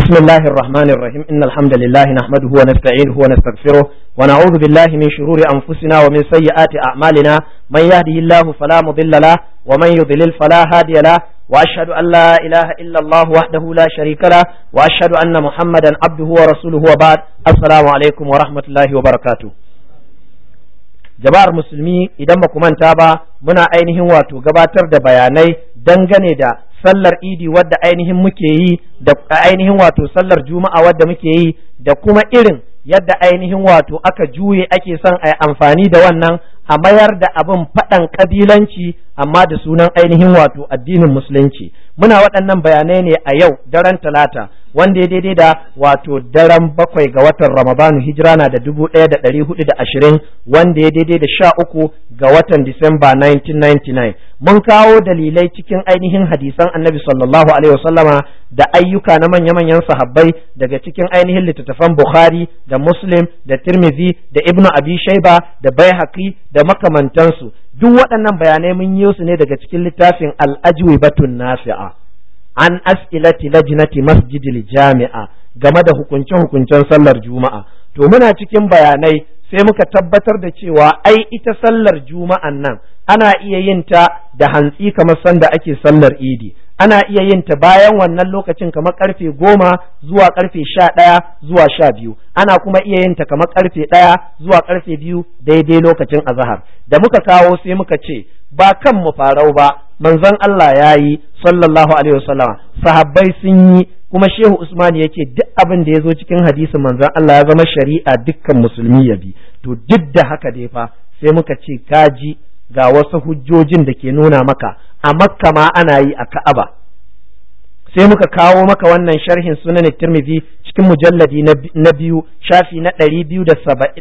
بسم الله الرحمن الرحيم إن الحمد لله نحمده ونستعينه ونستغفره ونعوذ بالله من شرور أنفسنا ومن سيئات أعمالنا من يهده الله فلا مضل له ومن يضلل فلا هادي له وأشهد أن لا إله إلا الله وحده لا شريك له وأشهد أن محمدا عبده ورسوله وبعد السلام عليكم ورحمة الله وبركاته jama'ar musulmi idan ba ku manta ba muna ainihin wato gabatar da bayanai dangane da sallar idi wadda ainihin muke yi da ainihin wato sallar juma'a wadda muke yi da kuma irin yadda ainihin wato aka juye ake son a amfani da wannan a mayar da abin faɗan ƙabilanci amma da sunan ainihin wato addinin musulunci muna waɗannan bayanai ne a yau daren talata wanda ya daidai da wato daren bakwai ga watan Ramadanu hijira na da dubu ɗaya da ɗari hudu da ashirin wanda ya daidai da sha uku ga watan Disamba 1999 mun kawo dalilai cikin ainihin hadisan annabi sallallahu alaihi wasallama da ayyuka na manya-manyan sahabbai daga cikin ainihin littattafan Bukhari da Muslim da Tirmidhi da Ibn Abi Shaiba da Baihaqi da makamantansu duk waɗannan bayanai mun yi su ne daga cikin littafin al batun Nafi'a an as'ilati lajnati masjidil jami'a game da hukunce hukuncen sallar juma'a to muna cikin bayanai sai muka tabbatar da cewa ai ita sallar juma'an nan ana iya yin ta da hantsi kamar sanda ake sallar idi ana iya yin ta bayan wannan lokacin kamar karfe goma zuwa karfe sha ɗaya zuwa sha biyu ana kuma iya yin ta kamar karfe ɗaya zuwa karfe biyu daidai lokacin azahar da muka kawo sai muka ce ba kan mu farau ba manzon Allah ya yi sallallahu alaihi wasallam sahabbai sun yi kuma shehu usman yake duk abin da ya zo cikin hadisin manzon Allah ya zama shari'a dukkan musulmi ya bi to duk da haka dai fa sai muka ce kaji ga wasu hujjojin da ke nuna maka a makka ma ana yi a ka'aba sai muka kawo maka wannan sharhin sunan tirmidhi cikin mujalladi na biyu shafi na ɗari biyu da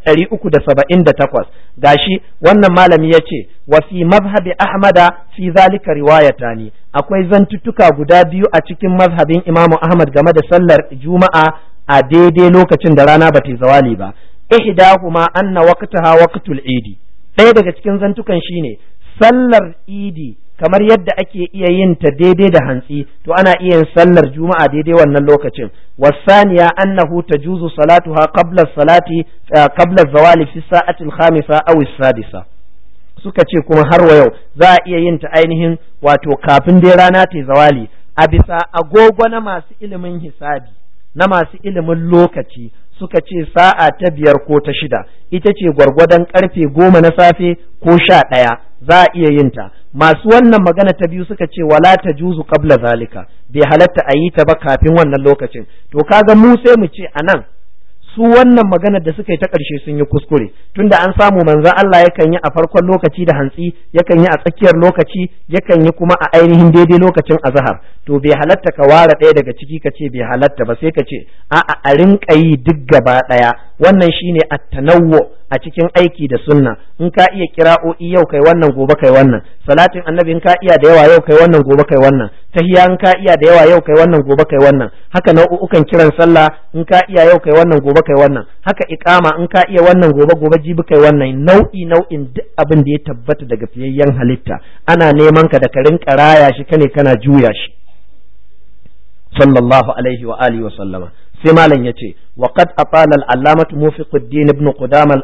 ɗari uku da saba'in da takwas gashi wannan malami ya ce wa fi mazhabi ahmada fi zalika riwayata ni. akwai zantuttuka guda biyu a cikin mazhabin imamu ahmad game da sallar juma'a a daidai lokacin da rana bata zawali ba ihdahuma anna waqtaha waqtul idi ɗaya daga cikin zantukan shine sallar idi kamar yadda ake iya yin ta daidai da hantsi to ana iya yin sallar juma'a daidai wannan lokacin wasaniya annahu tajuzu salatuha qabla salati eh, qabla zawali fi sa'ati al-khamisa aw as-sadisa suka ce kuma har wa yau za a iya yin ta ainihin wato kafin dai rana ta zawali a bisa agogo na masu ilimin hisabi na masu ilimin lokaci suka ce sa'a ta biyar ko ta shida ita ce gwargwadon karfe goma na safe ko sha ɗaya za a iya yin ta masu wannan magana ta biyu suka ce wala ta juzu qabla zalika bai halatta a yi ta ba kafin wannan lokacin to kaga mu sai mu ce anan su wannan maganar da suka yi ta ƙarshe sun yi kuskure tunda an samu manzan Allah yakan yi a farkon lokaci da hantsi yakan yi a tsakiyar lokaci yakan yi kuma a ainihin daidai lokacin azahar to bai halatta ka ware ɗaya daga ciki ka ce bai halatta ba sai ka ce a'a a rinka yi duk gaba ɗaya wannan shine at-tanawwu a cikin aiki da sunna in ka iya kira'o'i yau kai wannan gobe kai wannan salatin annabi in ka iya da yawa yau kai wannan gobe kai wannan tahiyya in ka iya da yawa yau kai wannan gobe kai wannan haka nau'ukan kiran sallah in ka iya yau kai wannan gobe kai wannan haka iqama in ka iya wannan gobe gobe jibi kai wannan nau'i nau'in duk abin da ya tabbata daga fiyayyen halitta ana neman ka da ka rinka raya shi kane kana juya shi sallallahu alaihi wa alihi wa sallama sai malam ya ce wa qad atala al-allamah mufiquddin ibn qudama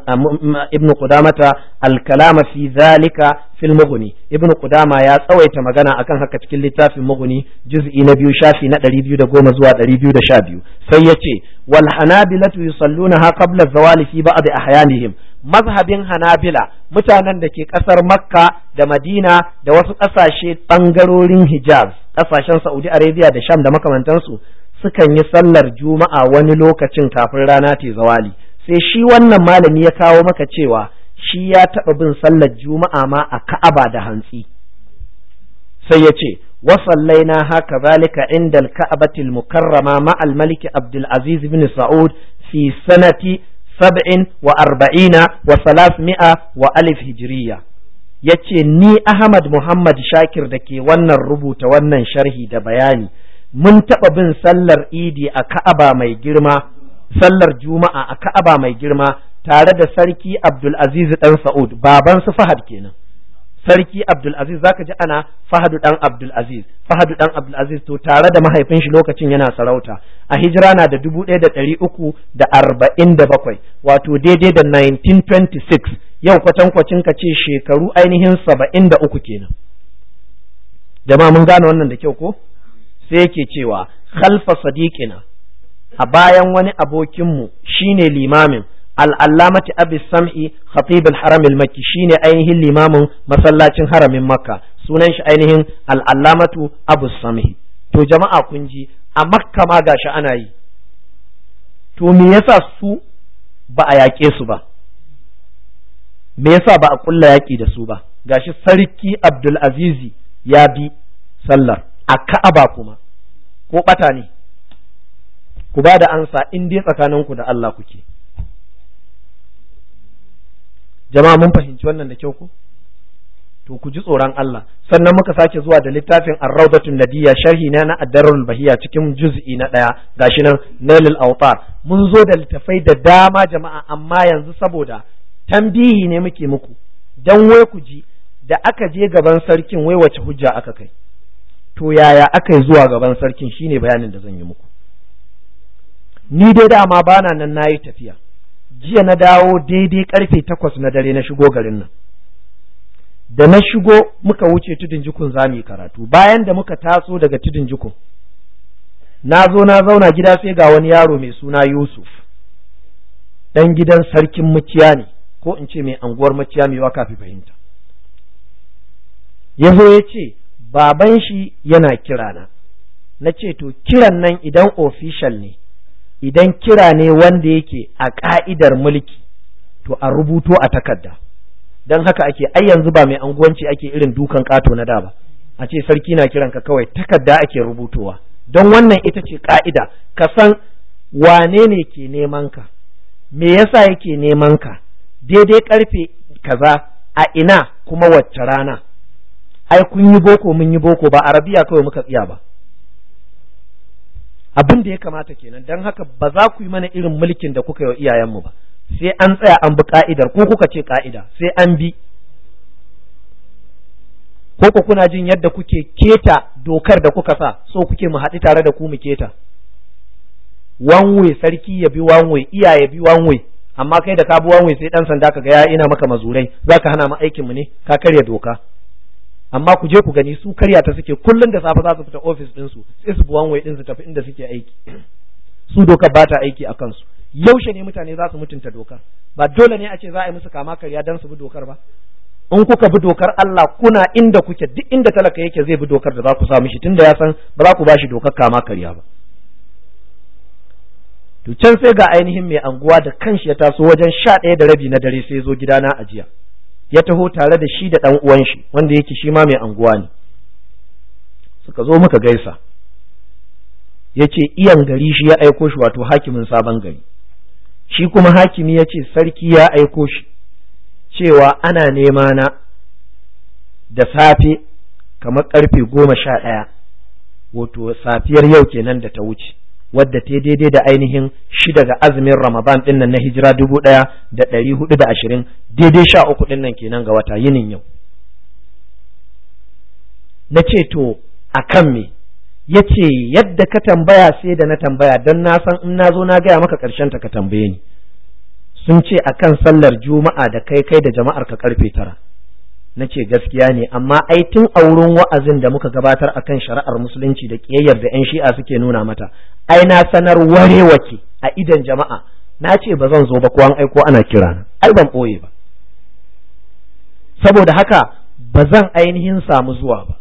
ibn qudamata al-kalama fi zalika fil mughni ibn qudama ya tsawaita magana akan haka cikin littafin mughni juz'i na biyu shafi na 210 zuwa 212 sai yace wal hanabilatu yusallunaha qabla zawali fi ba'd ahyanihim mazhabin hanabila mutanen da ke kasar makka da madina da wasu kasashe bangarorin hijaz kasashen saudi arabia da sham da makamantansu sukan yi sallar juma'a wani lokacin kafin rana ta zawali sai shi wannan malami ya kawo maka cewa shi ya taɓa bin sallar juma'a ma a ka'aba da hantsi sai ya ce وصلينا هكذلك mukarrama الكعبة المكرمة مع الملك عبد العزيز بن سعود في سنة سبع وأربعين wa alif هجرية yace ni Ahmad Muhammad Shakir da ke wannan rubuta wannan sharhi da bayani mun taɓa bin sallar idi a ka'aba mai girma sallar juma'a a ka'aba mai girma tare da sarki abdulaziz ɗan sa'ud baban su fahad kenan sarki abdulaziz zaka ji ana fahadu ɗan abdulaziz fahadu ɗan abdulaziz to tare da mahaifin shi lokacin yana sarauta a hijira na da dubu ɗaya da ɗari uku da arba'in da bakwai wato daidai da 1926 yau kwatankwacin ka ce shekaru ainihin saba'in da uku kenan jama'a mun gane wannan da kyau ko sai yake cewa khalfa sadiqina a bayan wani abokinmu shine limamin al'allamati abis sam'i khatibul haramil makki shine ainihin limamin masallacin haramin makka sunan shi ainihin al'allamatu abu sam'i to jama'a kun ji a makka ma gashi ana yi to me yasa su ba a yaƙe su ba me yasa ba a ƙulla yaƙi da su ba gashi sarki abdul azizi ya bi sallar a ka'aba kuma ko bata ne ku ba da ansa in dai tsakaninku da Allah kuke jama'a mun fahimci wannan da kyau ko to ku ji tsoron Allah sannan muka sake zuwa da littafin Ar-Rawdatun Nadiyya sharhi na na Ad-Darrul Bahiyya cikin juz'i na daya gashi nan Nailul Awtar mun zo da littafai da dama jama'a amma yanzu saboda tambihi ne muke muku dan wai ku ji da aka je gaban sarkin wai wace hujja aka kai to yaya aka yi zuwa gaban sarkin shine bayanin da zan yi muku ni dai dama bana nan nayi tafiya jiya na dawo daidai karfe takwas na dare na shigo garin nan da na shigo muka wuce tudun jikun za mu karatu bayan da muka taso daga tudun jikun na zo na zauna gida sai ga wani yaro mai suna yusuf ɗan gidan sarkin muciya ne ko in ce mai anguwar muciya mai waka fi fahimta ya zo ya ce baban shi yana kirana na ce to kiran nan idan official ne idan kira ne wanda yake a ka'idar mulki to a rubuto a takarda don haka ake ai yanzu ba mai anguwanci ake irin dukan kato na da ba a ce sarki na kiran ka kawai takarda ake rubutowa don wannan ita ce ka'ida ka san wane ne ke neman ka me yasa yake neman ka daidai karfe kaza a ina kuma wacce rana ai kun yi boko mun yi boko ba arabiya kawai muka tsiya ba abin da ya kamata kenan dan haka ba za ku yi mana irin mulkin da kuka yi wa iyayenmu ba sai an tsaya an bi ka'idar ko kuka ce ka'ida sai an bi ko ku kuna jin yadda kuke keta dokar da kuka sa so kuke mu haɗu tare da ku mu keta wanwe sarki ya bi wanwe iya bi wanwe amma kai da ka bi wanwe sai dan sanda ka ga ya ina maka mazurai zaka hana mu aikin mu ne ka karya doka amma ku je ku gani su karya ta suke kullum da safe za su fita ofis ɗinsu sai su buwan wai ɗinsu tafi inda suke aiki su dokar ba ta aiki a kansu yaushe ne mutane za su mutunta dokar ba dole ne a ce za a yi musu kama karya don su bi dokar ba in kuka bi dokar Allah kuna inda kuke duk inda talaka yake zai bi dokar da za ku samu shi tunda ya san ba za ku ba shi dokar kama karya ba to sai ga ainihin mai anguwa da kanshi ya taso wajen sha ɗaya da rabi na dare sai zo gidana a jiya ya taho tare da shi da ɗan uwan shi wanda yake shi ma mai anguwa ne suka zo muka gaisa ya ce iyan gari shi ya aiko shi wato hakimin sabon gari shi kuma hakimi ya ce sarki ya aiko shi cewa ana nema na da safe kamar karfe goma sha ɗaya wato safiyar yau kenan da ta wuce wadda ta daidai da ainihin shi daga azumin ramadan din nan na hijira dubu ɗaya da ɗari hudu da ashirin daidai sha uku din nan kenan ga wata yinin yau na ce to a kan me ya ce yadda ka tambaya sai da na tambaya don na san in na zo na gaya maka ƙarshen ta ka tambaye ni sun ce a kan sallar juma'a da kai kai da jama'ar ka karfe tara na ce gaskiya ne amma ai tun a wurin wa'azin da muka gabatar a kan shari'ar musulunci da ƙiyayyar da 'yan shi'a suke nuna mata ai na sanar ware wake a idan jama'a na ce ba zan zo ba ko an aiko ana kira na ai ban ɓoye ba saboda haka ba zan ainihin samu zuwa ba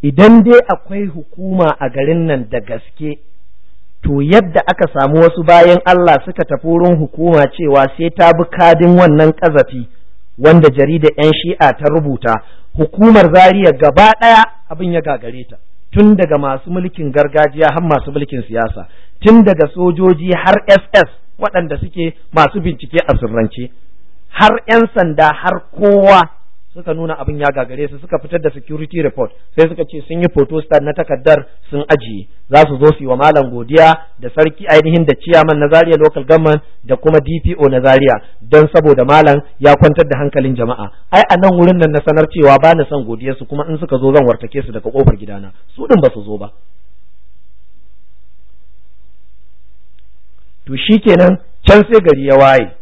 idan dai akwai hukuma a garin nan da gaske to yadda aka samu wasu bayan Allah suka tafi wurin hukuma cewa sai ta bi kadin wannan ƙazafi wanda jarida 'yan shi'a ta rubuta hukumar zariya gaba ɗaya abin ya gagare ta tun daga masu mulkin gargajiya har masu mulkin siyasa tun daga sojoji har ss waɗanda suke masu bincike a sirrance har 'yan sanda har kowa suka nuna abin ya gagare su suka fitar da security report sai suka ce sun yi stand na takardar sun ajiye za su zo su yi wa malam godiya da sarki ainihin da ciyaman na Zaria local government da kuma DPO na Zaria don saboda malam ya kwantar da hankalin jama'a ai a nan wurin nan na sanar cewa ba na son godiyar su kuma in suka zo zan wartake su daga kofar gidana su din ba su zo ba to shikenan can sai gari ya waye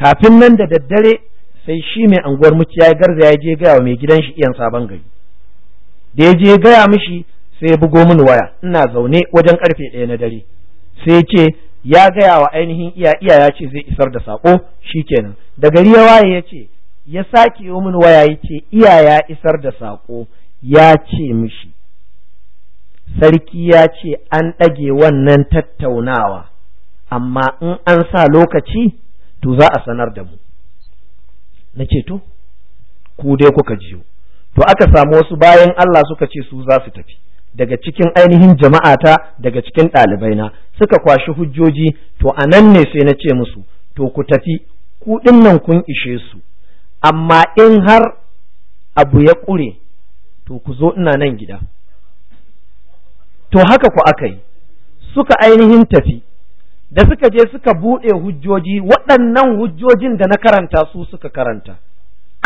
kafin nan da daddare sai shi mai anguwar muci ya garza ya je gaya wa mai gidan shi iyan sabon gari da ya je gaya mishi sai ya bugo mini waya ina zaune wajen karfe ɗaya na dare sai ya ce ya gaya wa ainihin iya iya ya ce zai isar da sako shi kenan da gari ya waye ya ce ya sake yi mini waya ya ce iya ya isar da sako ya ce mishi sarki ya ce an ɗage wannan tattaunawa amma in an sa lokaci to za a sanar da mu na ce to ku dai kuka jiyo to aka samu wasu bayan Allah suka ce su za su tafi daga cikin ainihin jama'ata daga cikin ɗalibaina suka kwashi hujjoji to a nan ne sai na ce musu to ku tafi ku nan kun ishe su amma in har abu ya ƙure to ku zo ina nan gida to haka ku aka yi suka ainihin tafi da suka je suka buɗe hujjoji waɗannan hujjojin da na karanta su suka karanta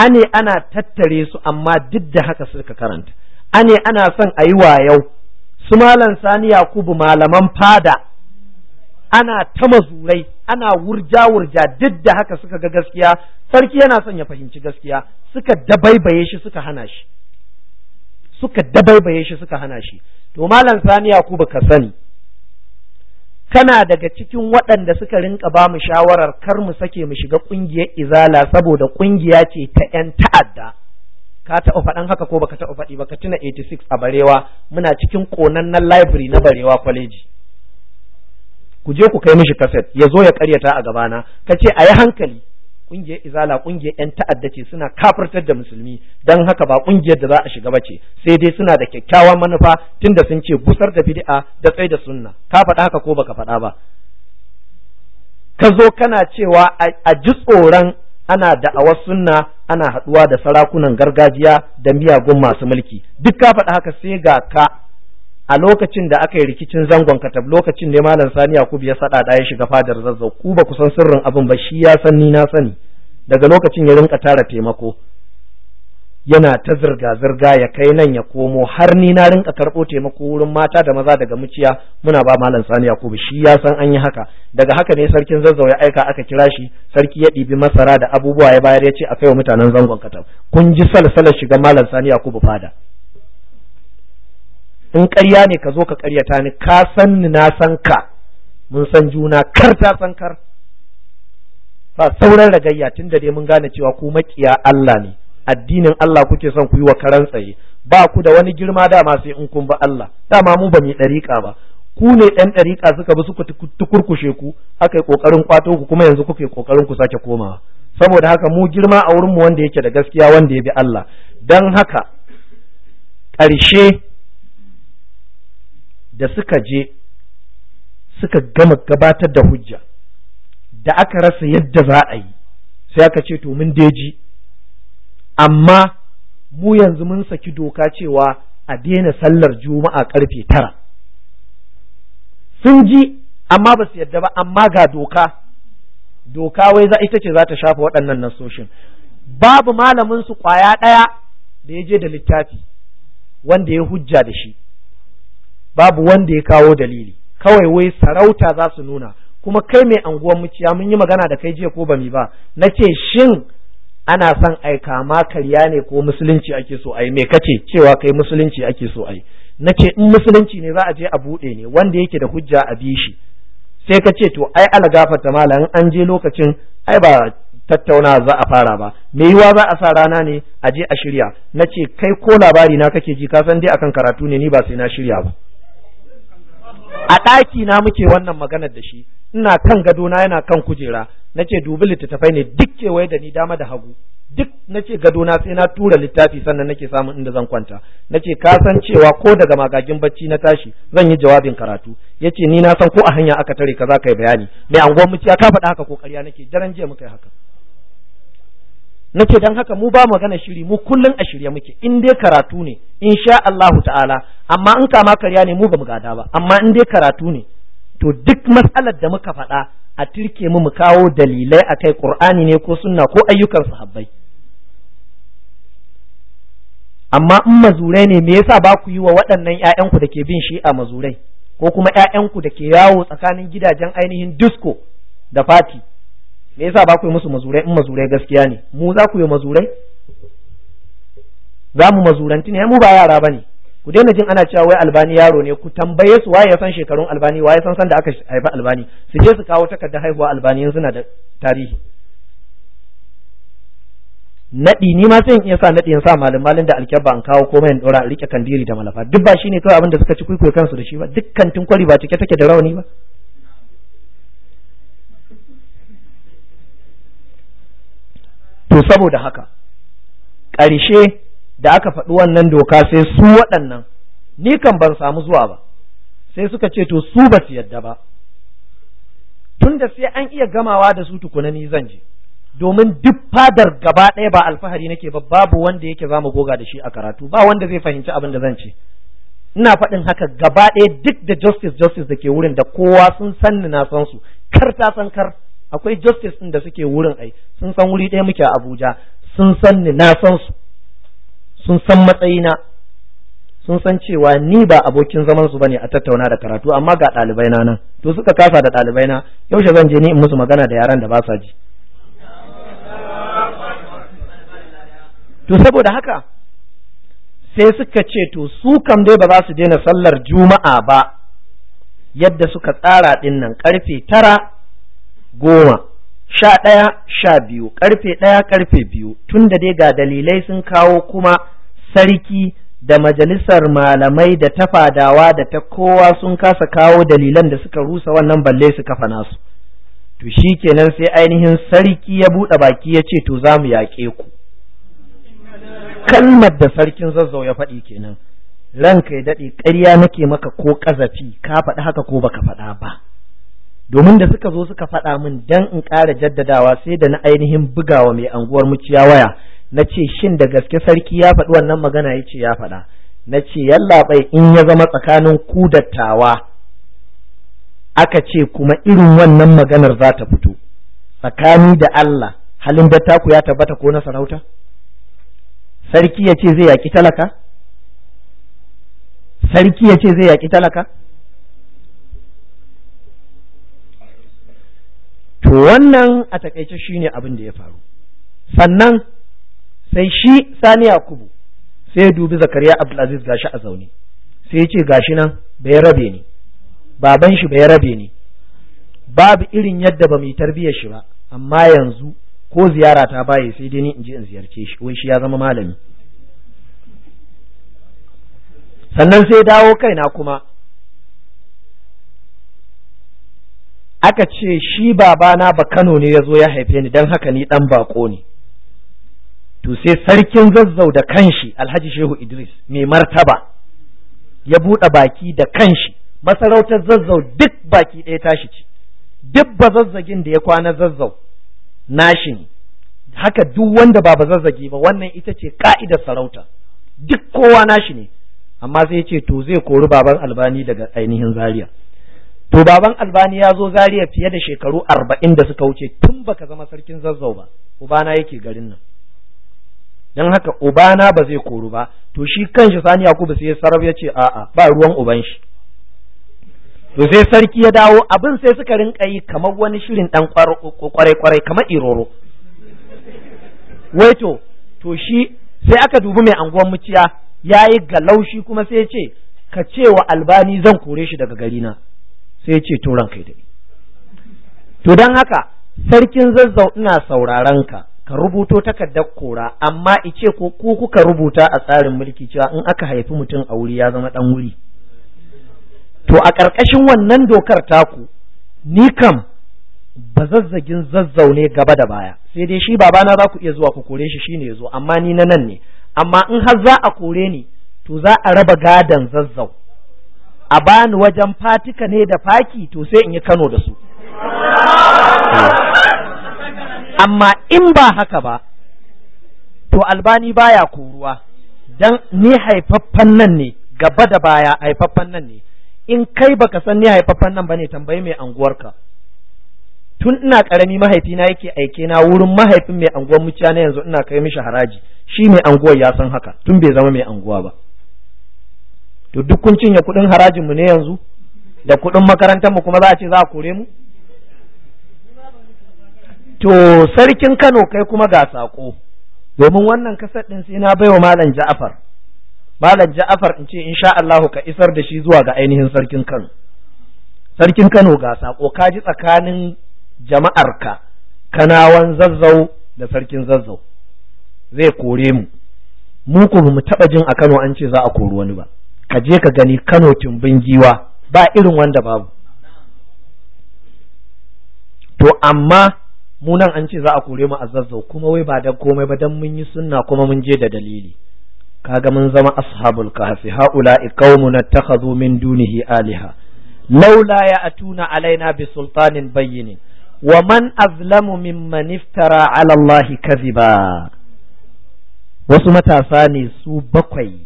ane ana tattare su amma duk da haka suka karanta ane ana son a yi wayau su malam sani yakubu malaman fada ana ta mazurai ana wurja wurja duk da haka suka ga gaskiya sarki yana son ya fahimci gaskiya suka dabaibaye shi suka hana shi suka dabaibaye shi suka hana shi to malam sani yakubu ka sani kana daga cikin waɗanda suka rinka ba mu shawarar kar mu sake mu shiga ƙungiyar izala saboda ƙungiya ce ta 'yan ta'adda ka taɓa faɗan haka ko baka taɓa faɗi ba ka tuna 86 a barewa muna cikin ƙonannen library na barewa kwaleji ku je ku kai mishi kaset ya zo ya ƙaryata a gabana ka ce a yi hankali kungiyar izala kungiyar yan ta'adda ce suna kafirtar da musulmi don haka ba kungiyar da za a shiga bace sai dai suna da kyakkyawan manufa tunda sun ce busar da bid'a da tsaye da sunna ka faɗa haka ko baka faɗa ba ka zo kana cewa a ji tsoron ana da awa sunna ana haɗuwa da sarakunan gargajiya da miyagun masu mulki duk ka faɗa haka sai ga ka a lokacin da aka yi rikicin zangon katab lokacin ne malam sani yakub ya sada ya shiga fadar zazzau ku ba ku san sirrin abin ba shi ya san ni na sani daga lokacin ya rinka tara taimako yana ta zirga zirga ya kai nan ya komo har ni na rinka karɓo taimako wurin mata da maza daga muciya muna ba malam sani yakub shi ya san an yi haka daga haka ne sarkin zazzau ya aika aka kira shi sarki ya ɗibi masara da abubuwa ya bayar ya ce a kai wa mutanen zangon katab kun ji salsalar shiga malam sani yakub fada in ƙarya ne ka zo ka ƙaryata ni ka san ni na san ka mun san juna kar ta san kar ba sauran ragayya tun da dai mun gane cewa ku maƙiya Allah ne addinin Allah kuke son ku yi wa karan tsaye ba ku da wani girma dama sai in kun ba Allah dama mu ba mu dariƙa ba ku ne ɗan ɗariƙa suka bi suka tukurkushe ku aka yi ƙoƙarin kwato ku kuma yanzu kuke ƙoƙarin ku sake komawa saboda haka mu girma a wurin mu wanda yake da gaskiya wanda ya bi Allah don haka ƙarshe da suka je suka gama gabatar da hujja da aka rasa yadda za a yi sai aka ce to mun deji amma mu yanzu mun saki doka cewa a daina sallar juma'a karfe tara sun ji amma ba su yadda ba amma ga doka doka wai za ita ce za ta shafa waɗannan nasoshin babu malamin su ƙwaya ɗaya da ya je da littafi wanda ya hujja da shi babu wanda ya kawo dalili kawai wai sarauta za su nuna kuma kai mai anguwan muciya mun yi magana da kai jiya ko ba mi ba na ce shin ana son ai kama karya ne ko musulunci ake so ai me kace cewa kai musulunci ake so ai na ce in musulunci ne za a je a buɗe ne wanda yake da hujja a bi shi sai ka ce to ai ala gafarta malam an je lokacin ai ba tattauna za a fara ba me yiwa za a sa rana ne a je a shirya na ce kai ko labari na kake ji ka san dai akan karatu ne ni ba sai na shirya ba a ɗaki na muke wannan maganar da shi ina kan gadona yana kan kujera na ce dubi littattafai ne duk kewaye da ni dama da hagu duk na ce gadona sai na tura littafi sannan nake samun inda zan kwanta na ce ka san cewa ko daga magagin bacci na tashi zan yi jawabin karatu ya ce ni na san ko a hanya aka tare ka za ka yi bayani mai anguwan muciya ka faɗa haka ko ƙarya nake daren jiya muka yi haka nace dan haka mu ba magana shiri mu kullum a shirye muke in dai karatu ne insha Allahu ta'ala amma in kama karya ne mu ba mu gada ba amma in dai karatu ne to duk matsalar da muka faɗa a tirke mu mu kawo dalilai a kai Ƙur'ani ne ko sunna ko ayyukan sahabbai amma in mazurai ne me yasa ba ku yi wa waɗannan ƴaƴanku da ke bin shi'a mazurai ko kuma ƴaƴanku da ke yawo tsakanin gidajen ainihin disco da fati me yasa ba ku yi musu mazurai in mazurai gaskiya ne mu za ku yi mazurai za mu mazuranti ne mu ba yara bane ku daina jin ana cewa wai albani yaro ne ku tambaye su waye ya san shekarun albani waye san san da aka haifa albani su je su kawo takardar haihuwa albani yanzu na da tarihi naɗi ni ma sai in iya sa naɗi in sa malam malin da alkyabba an kawo komai in ɗora rike kandiri da malafa duk ba shine kawai abin da suka ci kuikuyi kansu da shi ba duk kantin kwari ba cike take da rawani ba to saboda haka ƙarshe da aka faɗi wannan doka sai su waɗannan ni kan ban samu zuwa ba sai suka ce to su ba su yadda ba tunda sai an iya gamawa da su tukuna ni zan je domin duk fadar gaba ɗaya ba alfahari nake ba babu wanda yake za mu goga da shi a karatu ba wanda zai fahimci abin da zan ce ina faɗin haka gaba ɗaya duk da justice justice da ke wurin da kowa sun san ni na san su kar ta san kar akwai justice ɗin da suke wurin ai sun san wuri ɗaya muke a Abuja sun san ni na san su sun san matsayina sun san cewa ni ba abokin zaman su bane a tattauna da karatu amma ga ɗalibai na nan to suka kasa da ɗalibai na yaushe zan je ni in musu magana da yaran da ba sa ji to saboda haka sai suka ce to su kam dai ba za su daina sallar juma'a ba yadda suka tsara ɗin nan karfe tara goma sha ɗaya sha biyu ƙarfe ɗaya ƙarfe biyu tun da dai ga dalilai sun kawo kuma sarki da majalisar malamai da ta fadawa da ta kowa sun kasa kawo dalilan da suka rusa wannan balle su kafa nasu to shi kenan sai ainihin sarki ya buɗe baki ya ce to za mu yaƙe ku kalmar da sarkin zazzau ya faɗi kenan ranka ya daɗe ƙarya nake maka ko ƙazafi ka faɗi haka ko baka faɗa ba domin da suka zo suka faɗa min dan in ƙara jaddadawa sai da na ainihin bugawa mai anguwar muciya waya na ce shin da gaske sarki ya faɗi wannan magana ya ce ya faɗa na ce yallaɓai in ya zama tsakanin ku dattawa aka ce kuma irin wannan maganar za ta fito tsakani da Allah halin da taku ya tabbata ko na sarauta sarki ya ce zai yaki talaka sarki ya ce zai yaƙi talaka to wannan a takaice shine abin da ya faru sannan sai shi sani yakubu sai ya dubi zakariya abdulaziz gashi a zaune sai ya ce gashi nan bai rabe ni baban shi ya rabe ni babu irin yadda ba mu tarbiyyar shi ba amma yanzu ko ziyara ta baye sai dai ni in je in ziyarce shi wai shi ya zama malami sannan sai dawo kaina kuma aka ce shi babana ba Kano ne ya zo ya haife ni don haka ni dan bako ne to sai sarkin zazzau da kanshi Alhaji Shehu Idris mai martaba ya buɗe baki da kanshi masarautar zazzau duk baki ɗaya tashi ce duk ba zazzagin da ya kwana zazzau nashi ne haka duk wanda ba ba zazzagi ba wannan ita ce ka'idar sarauta duk kowa nashi ne amma sai ce to zai kori baban albani daga ainihin Zariya. to baban albani ya zo zariya fiye da shekaru arba'in da suka wuce tun baka zama sarkin zazzau ba ubana yake garin nan don haka ubana ba zai koru ba to shi kanshi sani yakubu sai sarraf ya ce a'a ba ruwan uban shi to sai sarki ya dawo abin sai suka rinka yi kamar wani shirin ɗan kwarai kwarai kamar iroro wai to to shi sai aka dubi mai anguwan muciya yi galaushi kuma sai ya ce ka ce wa albani zan kore shi daga garina sai ya ce turan kai dai to don haka sarkin zazzau ina sauraron ka ka rubuto takardar kora amma ice ko ku kuka rubuta a tsarin mulki cewa in aka haifi mutum a wuri ya zama ɗan wuri to a ƙarƙashin wannan dokar taku ni kam ba zazzagin zazzau ne gaba da baya sai dai shi babana za ku iya zuwa ku kore shi shine ya zo amma ni na nan ne amma in har za a kore ni to za a raba gadon zazzau a bani wajen fatika ne da faki to sai in yi kano da su amma in ba haka ba to albani baya koruwa dan ni haifaffan nan ne gaba da baya haifaffan nan ne in kai baka san ni haifaffan nan bane tambayi mai anguwarka tun ina ƙarami mahaifina yake aike na wurin mahaifin mai anguwar muciya na yanzu ina kai mishi haraji shi mai anguwar ya san haka tun bai zama mai anguwa ba to duk kun cinye kuɗin harajin mu ne yanzu da kuɗin makarantar mu kuma za a ce za a kore mu to sarkin Kano kai kuma ga sako domin wannan kasar din sai na baiwa malam Ja'far malam Ja'far in ce insha Allah ka isar da shi zuwa ga ainihin sarkin Kano sarkin Kano ga sako ka ji tsakanin jama'arka kanawan zazzau da sarkin zazzau zai kore mu mu kuma mu taɓa jin a Kano an ce za a kori wani ba ka je ka gani kano tumbin giwa ba irin wanda babu to amma mu nan an ce za a kore mu a zazzau kuma wai ba da komai ba dan mun yi sunna kuma mun je da dalili kaga mun zama ashabul kahfi haula qaumun attakhadhu min dunihi aliha laula ya ya'tuna alaina bi sultanin bayyin wa man azlamu mimman iftara ala allahi kadhiba wasu matasa ne su bakwai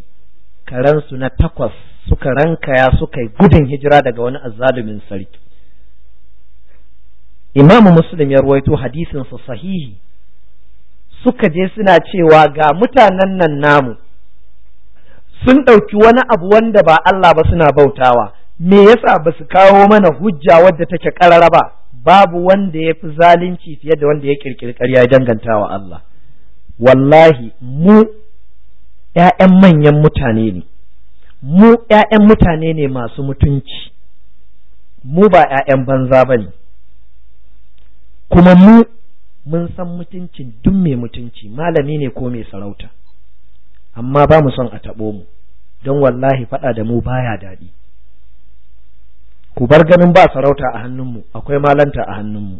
karansu na takwas suka rankaya suka yi gudun hijira daga wani azzalumin sarki imamu muslim ya ruwaito hadisinsa sahihi suka je suna cewa ga mutanen nan namu sun ɗauki wani abu wanda ba Allah ba suna bautawa me yasa ba su kawo mana hujja wadda take ƙarara ba babu wanda ya fi zalunci fiye da wanda ya ƙirƙiri ya danganta wa Allah wallahi mu ‘ya'yan manyan mutane ne, mu ‘ya'yan mutane ne masu mutunci, mu ba ‘ya'yan banza ba ne, kuma mu mun san mutuncin duk mai mutunci, malami ne ko mai sarauta, amma ba mu son a taɓo mu, don wallahi faɗa da mu baya daɗi. Ku bar ganin ba sarauta a hannunmu, akwai malanta a hannunmu,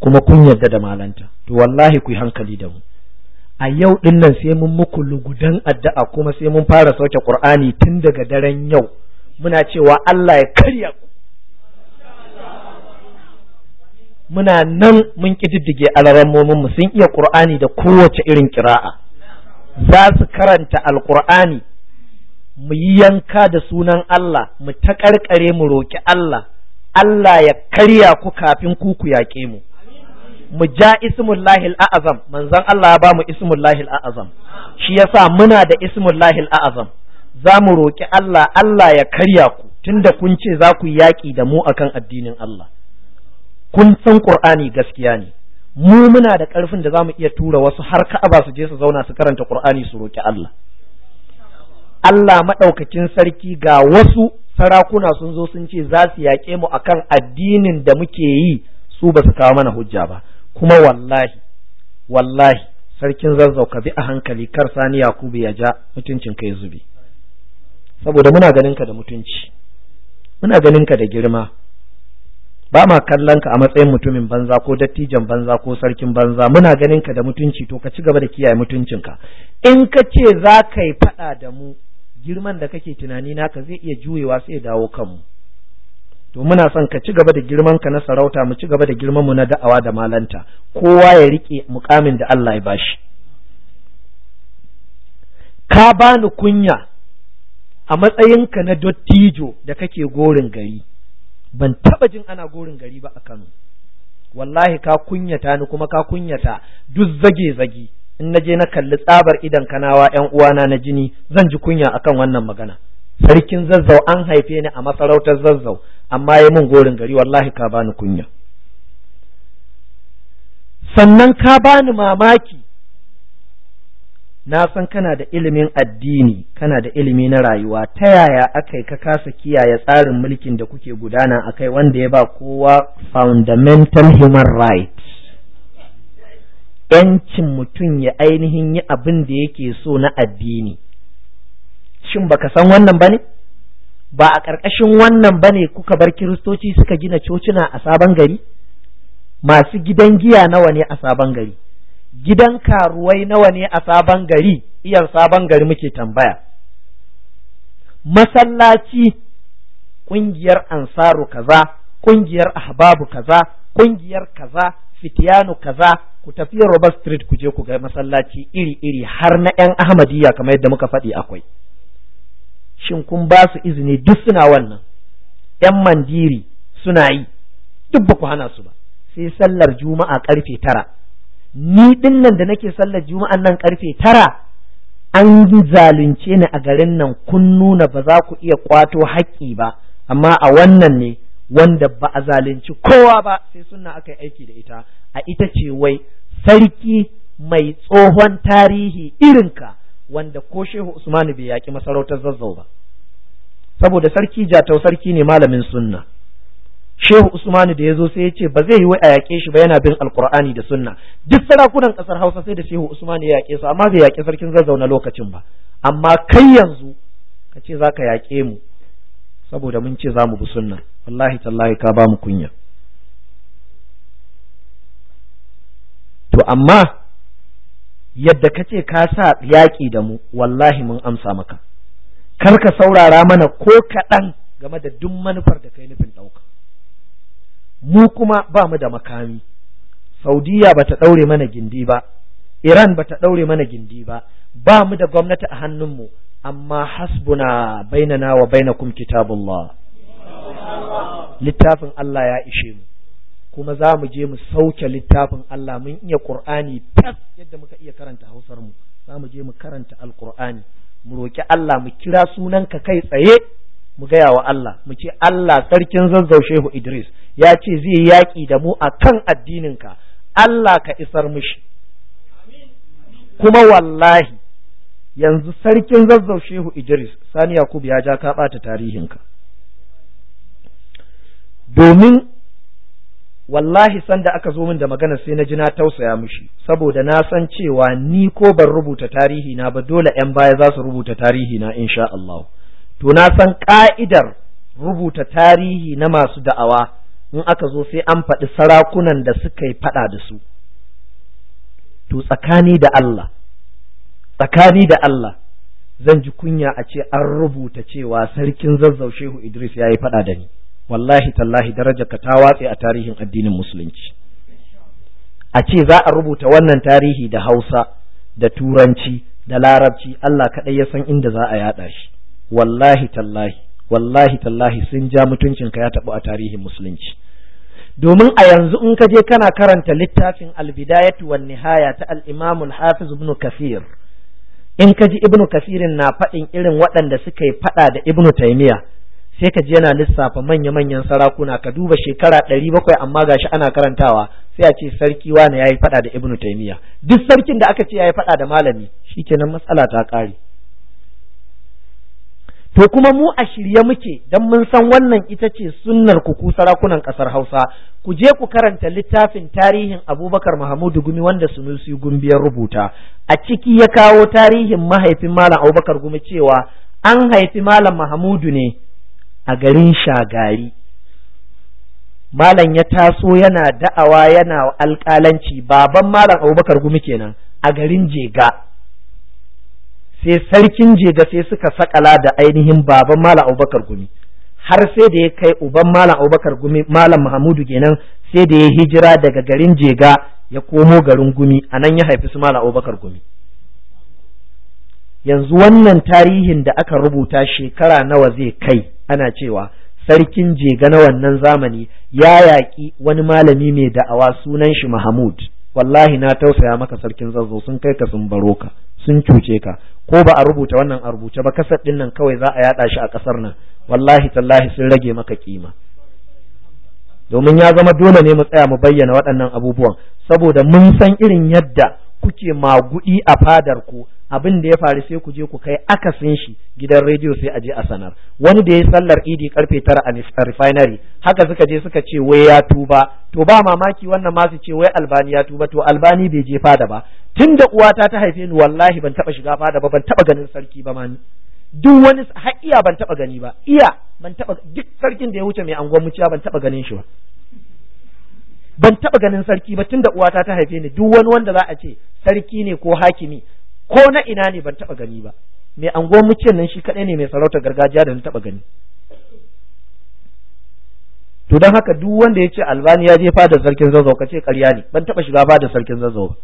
kuma kun yarda da malanta, to wallahi ku yi hankali da mu. a yau ɗin nan sai mun muku lugudan addu'a kuma sai mun fara sauke Qur'ani tun daga daren yau muna cewa Allah ya karya ku muna nan mun kididdige alarammomin mu sun iya Qur'ani da kowace irin kira'a za su karanta alqur'ani mu yi yanka da sunan Allah mu taƙarƙare mu roƙi Allah Allah ya karya ku kafin ku ku yaƙe mu mu ja lahil a'azam manzon Allah ya ba mu lahil a'azam shi yasa muna da lahil a'azam za mu roƙi Allah Allah ya karya ku tunda kun ce za ku yaƙi da mu akan addinin Allah kun san Qur'ani gaskiya ne mu muna da ƙarfin da za mu iya tura wasu har Ka'aba su je su zauna su karanta Qur'ani su roƙi Allah Allah maɗaukakin sarki ga wasu sarakuna sun zo sun ce za su yaƙe mu akan addinin da muke yi su ba su kawo mana hujja ba kuma wallahi wallahi sarkin zazzau ka bi a hankali kar sani yakubu ya ja mutuncin kai zubi saboda muna ganin ka da mutunci muna ganin ka da girma ba ma kallon ka a matsayin mutumin banza ko dattijan banza ko sarkin banza muna ganin ka da mutunci to ka ci gaba da kiyaye mutuncinka in ka ce za ka yi faɗa da mu girman da kake tunani naka zai iya juyewa sai ya dawo kanmu to muna son ka ci gaba da girman ka na sarauta mu ci gaba da girman mu na da'awa da malanta kowa ya rike mukamin da Allah ya bashi ka bani kunya a matsayinka na dottijo da kake gorin gari ban taba jin ana gorin gari ba a Kano wallahi ka kunyata ni kuma ka kunyata duk zage zage in naje na kalli tsabar idan kanawa 'yan uwana na jini zan ji kunya akan wannan magana sarkin zazzau an haife ni a masarautar zazzau amma ya mun gorin gari wallahi ka bani kunya sannan ka bani mamaki na san kana da ilimin addini kana da ilimi na rayuwa ta yaya aka ka kasa kiyaye tsarin mulkin da kuke gudana a kai wanda ya ba kowa fundamental human rights ‘yancin mutum ya ainihin yi abin da yake so na addini shin baka san wannan bane ba a ƙarƙashin wannan bane kuka bar kiristoci suka gina cocina a sabon gari masu gidan giya nawa ne a sabon gari gidan karuwai nawa ne a sabon gari iyan sabon gari muke tambaya masallaci ƙungiyar ansaru kaza ƙungiyar ahbabu kaza ƙungiyar kaza fitiyanu kaza ku tafi Robert Street ku je ku ga masallaci iri-iri har na 'yan Ahmadiyya kamar yadda muka faɗi akwai. shin kun ba su izini duk suna wannan ‘yan mandiri suna yi duk ba ku hana su ba sai sallar juma'a karfe tara ni ɗin da nake sallar juma'ar nan karfe tara an zalunce ni a garin nan kun nuna ba za ku iya kwato haƙƙi ba amma a wannan ne wanda ba a zalunci kowa ba sai suna aka yi aiki da ita a ita ce wai sarki mai tsohon tarihi irinka wanda ko shehu usmanu bai yaƙi masarautar zazzau ba saboda sarki jatau sarki ne malamin sunna shehu usmanu da ya zo sai ya ce ba zai yi wai a yaƙe shi ba yana bin alkur'ani da sunna duk sarakunan ƙasar hausa sai da shehu usmanu ya yaƙe su amma bai yaƙi sarkin zazzau na lokacin ba amma kai yanzu ka ce za ka yaƙe mu saboda mun ce za mu bi sunna wallahi tallahi ka ba mu kunya to amma yadda ka ce ka sa yaƙi da mu wallahi mun amsa maka kar ka saurara mana ko kaɗan game da duk manufar da kai nufin ɗauka mu kuma ba mu da makami saudiya ba ta ɗaure mana gindi ba iran ba ta ɗaure mana gindi ba ba mu da gwamnati a hannunmu amma hasbuna bainana wa bainakum kitabullah littafin Allah ya ishe mu kuma za mu je mu sauke littafin Allah mun iya Qur'ani tas yadda muka iya karanta Hausar mu za mu je mu karanta Al-Qur'ani mu roki Allah mu kira sunan ka kai tsaye mu gaya wa Allah mu ce Allah sarkin zazzau Shehu Idris ya ce zai yi yaƙi da mu akan addininka Allah ka isar mishi kuma wallahi yanzu sarkin zazzau Shehu Idris Sani Yakubu ya ja ka ɓata tarihinka domin wallahi sanda aka zo min da magana sai na ji na tausaya mushi saboda na san cewa ni ko ban rubuta tarihi na ba dole yan baya za su rubuta tarihi na insha Allah to na san ka'idar rubuta tarihi na masu da'awa in aka zo sai an faɗi sarakunan da suka yi faɗa da su to tsakani da Allah tsakani da Allah zan ji kunya a ce an rubuta cewa sarkin zazzau Shehu Idris ya yi faɗa da ni wallahi tallahi darajarka ta watse a tarihin addinin musulunci a ce za a rubuta wannan tarihi da hausa da turanci da larabci Allah kaɗai ya san inda za a yaɗa shi wallahi tallahi wallahi tallahi sun ja mutuncinka ya taɓu a tarihin musulunci domin a yanzu in ka je kana karanta littafin albidayatu wan nihaya ta al-imam al-hafiz ibn kafir in ka ji ibn kafirin na faɗin irin waɗanda suka yi faɗa da ibn taymiya sai ka ji yana lissafa manya-manyan sarakuna ka duba shekara ɗari bakwai amma gashi ana karantawa sai a ce sarki wane ya yi faɗa da ibnu taimiya duk sarkin da aka ce ya yi faɗa da malami shi kenan matsala ta ƙare to kuma mu a shirye muke don mun san wannan ita ce sunnar ku sarakunan ƙasar hausa ku je ku karanta littafin tarihin abubakar mahamudu gumi wanda sunusi gumbiyar rubuta a ciki ya kawo tarihin mahaifin malam abubakar gumi cewa an haifi malam mahamudu ne a garin shagari malam ya taso yana da'awa yana alƙalanci baban malam abubakar gumi kenan a garin jega sai sarkin jega sai suka saƙala da ainihin baban malam abubakar gumi har sai da ya kai uban malam abubakar gumi malam mahamudu kenan sai da ya hijira daga garin jega ya komo garin gumi a nan ya haifi su malam abubakar gumi yanzu wannan tarihin da aka rubuta shekara nawa zai kai ana cewa sarkin jega na wannan zamani ya yaƙi wani malami mai da'awa sunan shi Mahmud wallahi na tausaya maka sarkin zazzo sun kai ka sun baro ka sun cuce ka ko ba a rubuta wannan a rubuce ba kasar din nan kawai za a yada shi a kasar nan wallahi tallahi sun rage maka kima domin ya zama dole ne mu tsaya mu bayyana waɗannan abubuwan saboda mun san irin yadda kuke magudi a fadar ku abin da ya faru sai ku je ku kai akasin shi gidan rediyo sai a je a sanar wani da ya sallar idi karfe tara a refinery haka suka je suka ce wai ya tuba to ba mamaki wannan ma su ce wai albani ya tuba to albani bai je fada ba tun da uwata ta haife ni wallahi ban taba shiga fada ba ban taba ganin sarki ba ma ni duk wani har iya ban taba gani ba iya ban taba duk sarkin da ya wuce mai angon muciya ban taba ganin shi ba ban taba ganin sarki ba tun da uwata ta haife ni duk wani wanda za a ce sarki ne ko hakimi ko na ina ne ban taba gani ba mai anguwan muciyar nan shi kaɗai ne mai sarautar gargajiya da na taba gani to don haka duk wanda ya ce albani ya je fadar sarkin zazzau ka ce karya ne ban taba shiga fadar sarkin zazzau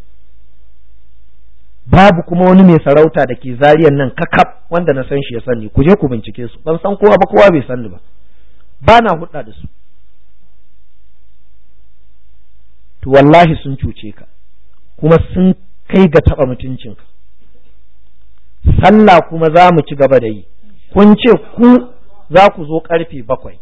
babu kuma wani mai sarauta da ke zariyan nan kakaf wanda na san shi ya sani ku je ku bincike su ban san kowa ba kowa bai sanni ba ba na hudda da su to wallahi sun cuce ka kuma sun kai ga taba mutuncinka sallah kuma za mu ci gaba da yi kun ce ku za ku zo karfe bakwai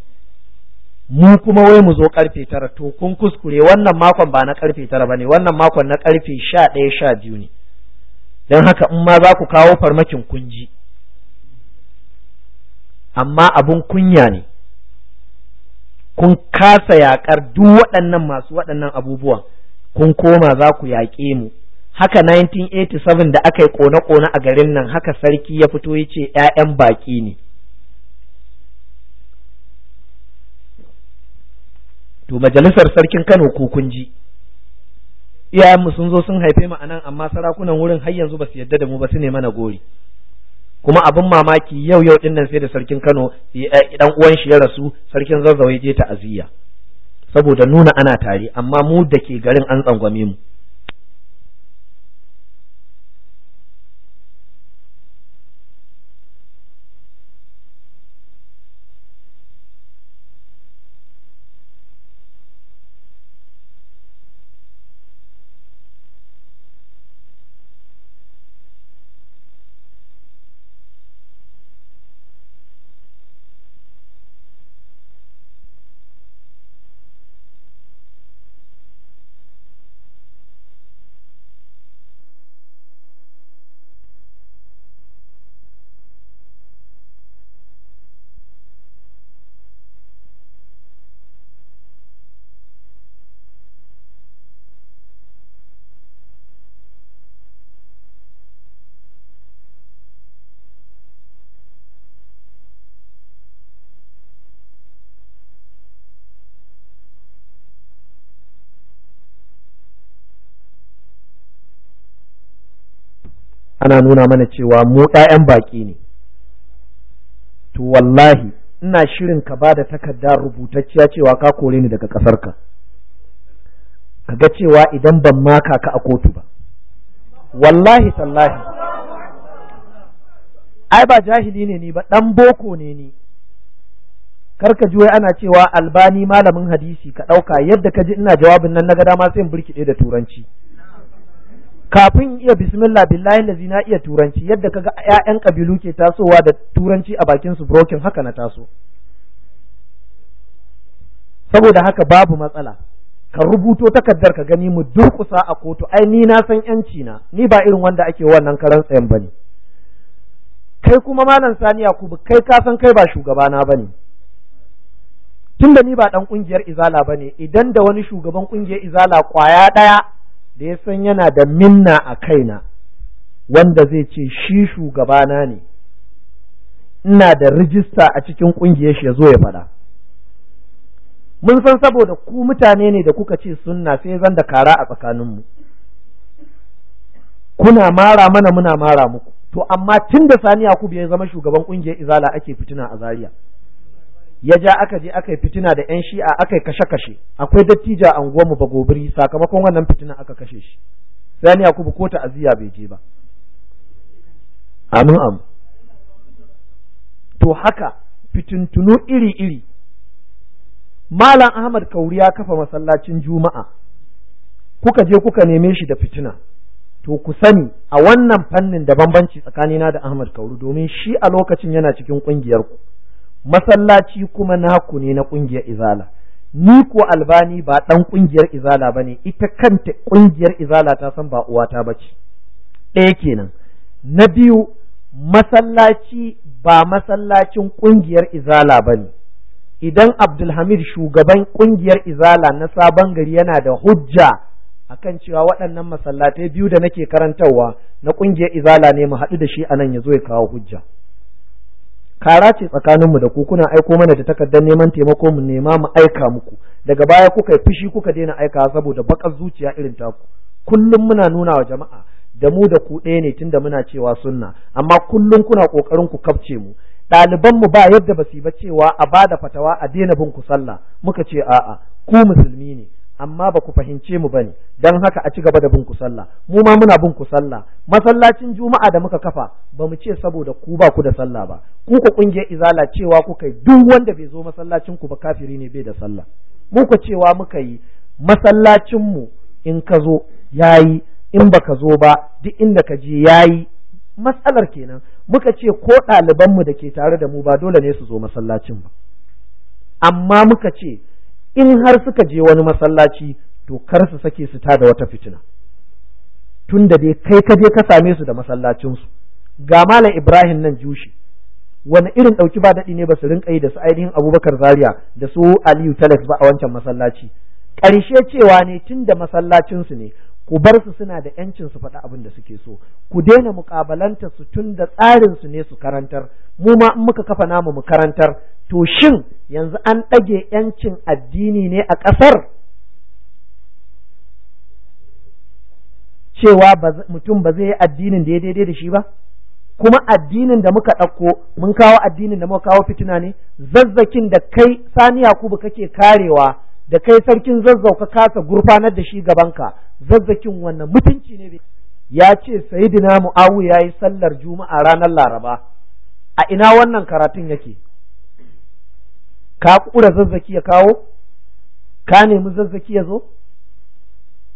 mu kuma wai mu zo karfe tara to kun kuskure wannan makon ba na karfe tara ba ne wannan makon na karfe sha ɗaya sha biyu ne don haka in ma za ku kawo farmakin kun ji, amma abun kunya ne kun kasa yaƙar duk waɗannan masu waɗannan abubuwan kun koma za ku yaƙe mu haka 1987 da aka yi kone-kone a garin nan haka sarki ya fito ya ce 'ya'yan baƙi ne to majalisar sarkin kano ko kun iyayenmu sun zo sun haife mu anan amma sarakunan wurin har yanzu ba su yadda da mu ba su ne mana gori kuma abin mamaki yau yau din nan sai da sarkin Kano dan eh, uwan shi ya rasu sarkin zazzawai ya je ta'aziyya saboda nuna ana tare amma mu da ke garin an tsangwame mu ana nuna mana cewa mu ɗayan baƙi ne to wallahi ina shirin ka ba da takarda rubutacciya cewa ka kore ni daga ƙasarka ka ga cewa idan ban maka ka a kotu ba wallahi sallahi ai ba jahili ne ni ba ɗan boko ne ni karka ji wai ana cewa albani malamin hadisi ka ɗauka yadda ka ji ina jawabin nan na ga dama sai in birkiɗe da turanci kafin iya bismillah billahi lazi na iya turanci yadda kaga ƴaƴan kabilu ke tasowa da turanci a bakin su broken haka na taso saboda haka babu matsala ka rubuto takardar ka gani mu durkusa a kotu ai ni na san yanci na ni ba irin wanda ake wannan karan tsayan bane kai kuma malam saniya ku kai ka san kai ba shugaba na bane tunda ni ba dan kungiyar izala bane idan da wani shugaban kungiyar izala kwaya daya da ya san yana da minna a kaina wanda zai ce shi shugabana ne ina da rijista a cikin ƙungiyar shi ya zo ya faɗa mun san saboda ku mutane ne da kuka ce sunna sai zan da kara a tsakaninmu kuna mara mana muna mara muku to amma tun da sani yakubu ya zama shugaban ƙungiyar izala ake fitina a Zariya. ya ja aka je aka yi fitina da 'yan shi'a aka yi kashe-kashe akwai dattija a unguwarmu ba gobiri sakamakon wannan fitina aka kashe shi Sani ni yakubu ko ta'aziyya bai je ba amin am to haka fitintunu iri-iri malam ahmad kauri ya kafa masallacin juma'a kuka je kuka neme shi da fitina to ku sani a wannan fannin da bambanci tsakanina da ahmad kauri domin shi a lokacin yana cikin ƙungiyarku ku masallaci kuma naku ne na ƙungiyar izala ni ko albani ba ɗan ƙungiyar izala ba ne ita kanta ƙungiyar izala ta san ba uwata ba ce ɗaya kenan na biyu masallaci ba masallacin ƙungiyar izala ba ne idan abdulhamid shugaban ƙungiyar izala na sabon gari yana da hujja akan cewa waɗannan masallatai biyu da nake karantarwa na ƙungiyar izala ne mu haɗu da shi a nan ya zo ya kawo hujja kara ce tsakaninmu da ku kuna aiko mana da takardar neman taimako mu nema mu aika muku daga baya kuka yi fushi kuka daina aika saboda bakar zuciya irin taku kullum muna nuna wa jama'a da mu da ku ɗaya ne tunda muna cewa sunna amma kullum kuna ƙoƙarin ku kafce mu ɗaliban mu ba yadda ba su ba cewa a bada fatawa a daina bin ku sallah muka ce a'a ku musulmi ne amma ba ku fahimce mu bane dan haka a ci gaba da bin ku sallah mu ma muna bin ku sallah masallacin juma'a da muka kafa ba mu ce saboda ku ba ku da sallah ba ku ku kungiyar izala cewa kuka yi duk wanda bai zo masallacin ku ba kafiri ne bai da sallah mu ku cewa muka yi masallacin mu in ka zo yayi in baka zo ba duk inda ka je yayi matsalar kenan muka ce ko ɗalibanmu da ke tare da mu ba dole ne su zo masallacin ba amma muka ce in har suka je wani masallaci to kar su sake su ta da wata fitina tun da dai kai ka je ka same su da masallacinsu ga malam ibrahim nan jushi wani irin ɗauki ba daɗi ne ba su rinƙa yi da su ainihin abubakar zaria da su aliyu telex ba a wancan masallaci ƙarshe cewa ne tun da masallacinsu ne ku bar su suna da yancin su faɗi abin da suke so ku daina mukabalanta su tun da tsarin su ne su karantar mu ma in muka kafa namu mu karantar to shin yanzu an ɗage ‘yancin addini ne a ƙasar cewa mutum ba zai yi addinin da ya daidai da shi ba kuma addinin da muka ɗauko mun kawo addinin da muka kawo fitina ne zazzakin da kai sani yakubu kake karewa da kai sarkin zazzau ka kasa gurfanar da shi gabanka zazzakin wannan mutunci ne ya ce sayidina mu'awu ya yi sallar juma'a ranar laraba a ina wannan karatun yake ka ƙura zazzaki ya kawo ka nemi zazzaki ya zo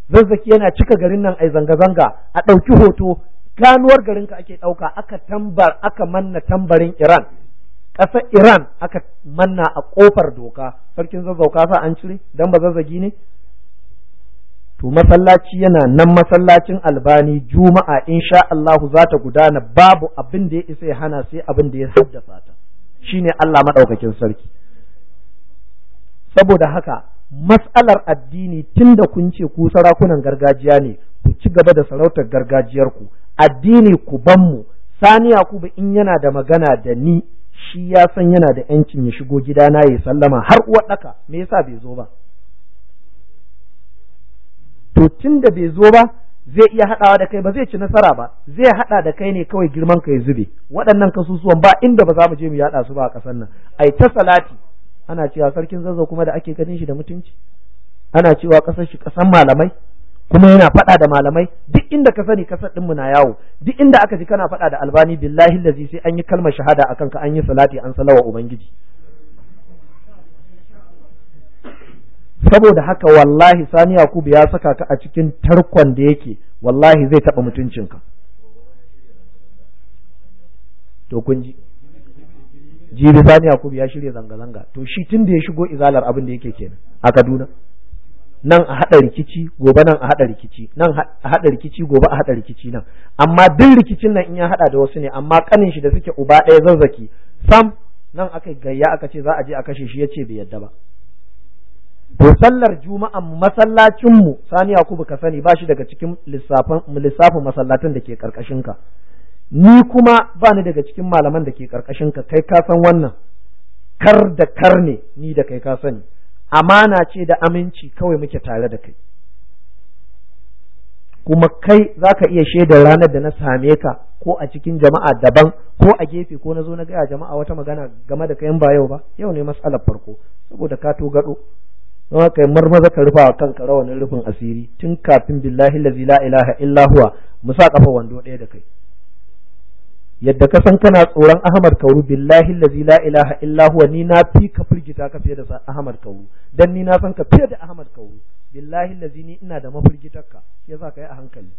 zazzaki yana cika garin nan ai zanga-zanga a ɗauki hoto ganuwar garinka ake ɗauka aka tambar aka manna tambarin iran ƙasar iran aka manna a ƙofar doka sarkin zazzauka sa an cire don ba zazzagi ne to masallaci yana nan masallacin albani juma'a sha Allah za ta gudana babu abin da ya isa ya hana sai abin da ya haddasa ta shine Allah maɗaukakin sarki saboda haka matsalar addini tun da kun ce ku sarakunan gargajiya ne ku ci gaba da sarautar gargajiyarku addini ku banmu mu sani yakubu in yana da magana da ni shi ya san yana da yancin ya shigo gidana ya sallama har uwar ɗaka me yasa bai zo ba to tun da bai zo ba zai iya haɗawa da kai ba zai ci nasara ba zai haɗa da kai ne kawai girman ka ya zube waɗannan kasusuwan ba inda ba za mu je mu yaɗa su ba a ƙasar nan ai ta salati ana cewa sarkin zazzau kuma da ake ganin shi da mutunci ana cewa ƙasar shi ƙasan malamai kuma yana faɗa da malamai duk inda ka sani kasar ɗinmu na yawo duk inda aka ji kana faɗa da albani billahi lazi sai an yi kalmar shahada a kanka an yi salati an salawa ubangiji saboda haka wallahi sani yakubu ya saka ka a cikin tarkon da yake wallahi zai taɓa mutuncinka to kun ji jibi sani yakubu ya shirya zanga-zanga to shi tun da ya shigo izalar abin da yake kenan a kaduna nan a haɗa rikici gobe nan a haɗa rikici nan a haɗa rikici gobe a haɗa rikici nan amma duk rikicin nan in ya haɗa da wasu ne amma kanin shi da suke uba ɗaya zazzaki sam nan aka gayya aka ce za a je a kashe shi ya ce bai yadda ba to sallar juma'a masallacin mu sani yakubu ka sani ba shi daga cikin lissafin lissafin da ke karkashin ka ni kuma ba ni daga cikin malaman da ke ƙarƙashin ka kai ka san wannan kar da kar ne ni da kai ka sani amana ce da aminci kawai muke tare da kai kuma kai za ka iya shaidar ranar da na same ka ko a cikin jama'a daban ko a gefe ko na zo na gaya jama'a wata magana game da kayan ba yau ba yau ne matsalar farko saboda ka to gado don haka yi marmaza ka rufa kanka rawanin rufin asiri tun kafin billahi lazi la ilaha illa huwa mu sa kafa wando ɗaya da kai yadda ka san kana tsoron Ahmad Kauru billahi lazi la ilaha illa huwa ni na fi ka firgita ka fiye da Ahmad Kauru dan ni na san ka fiye da Ahmad Kauru billahi lazi ni ina da mafirgitarka ka yi a hankali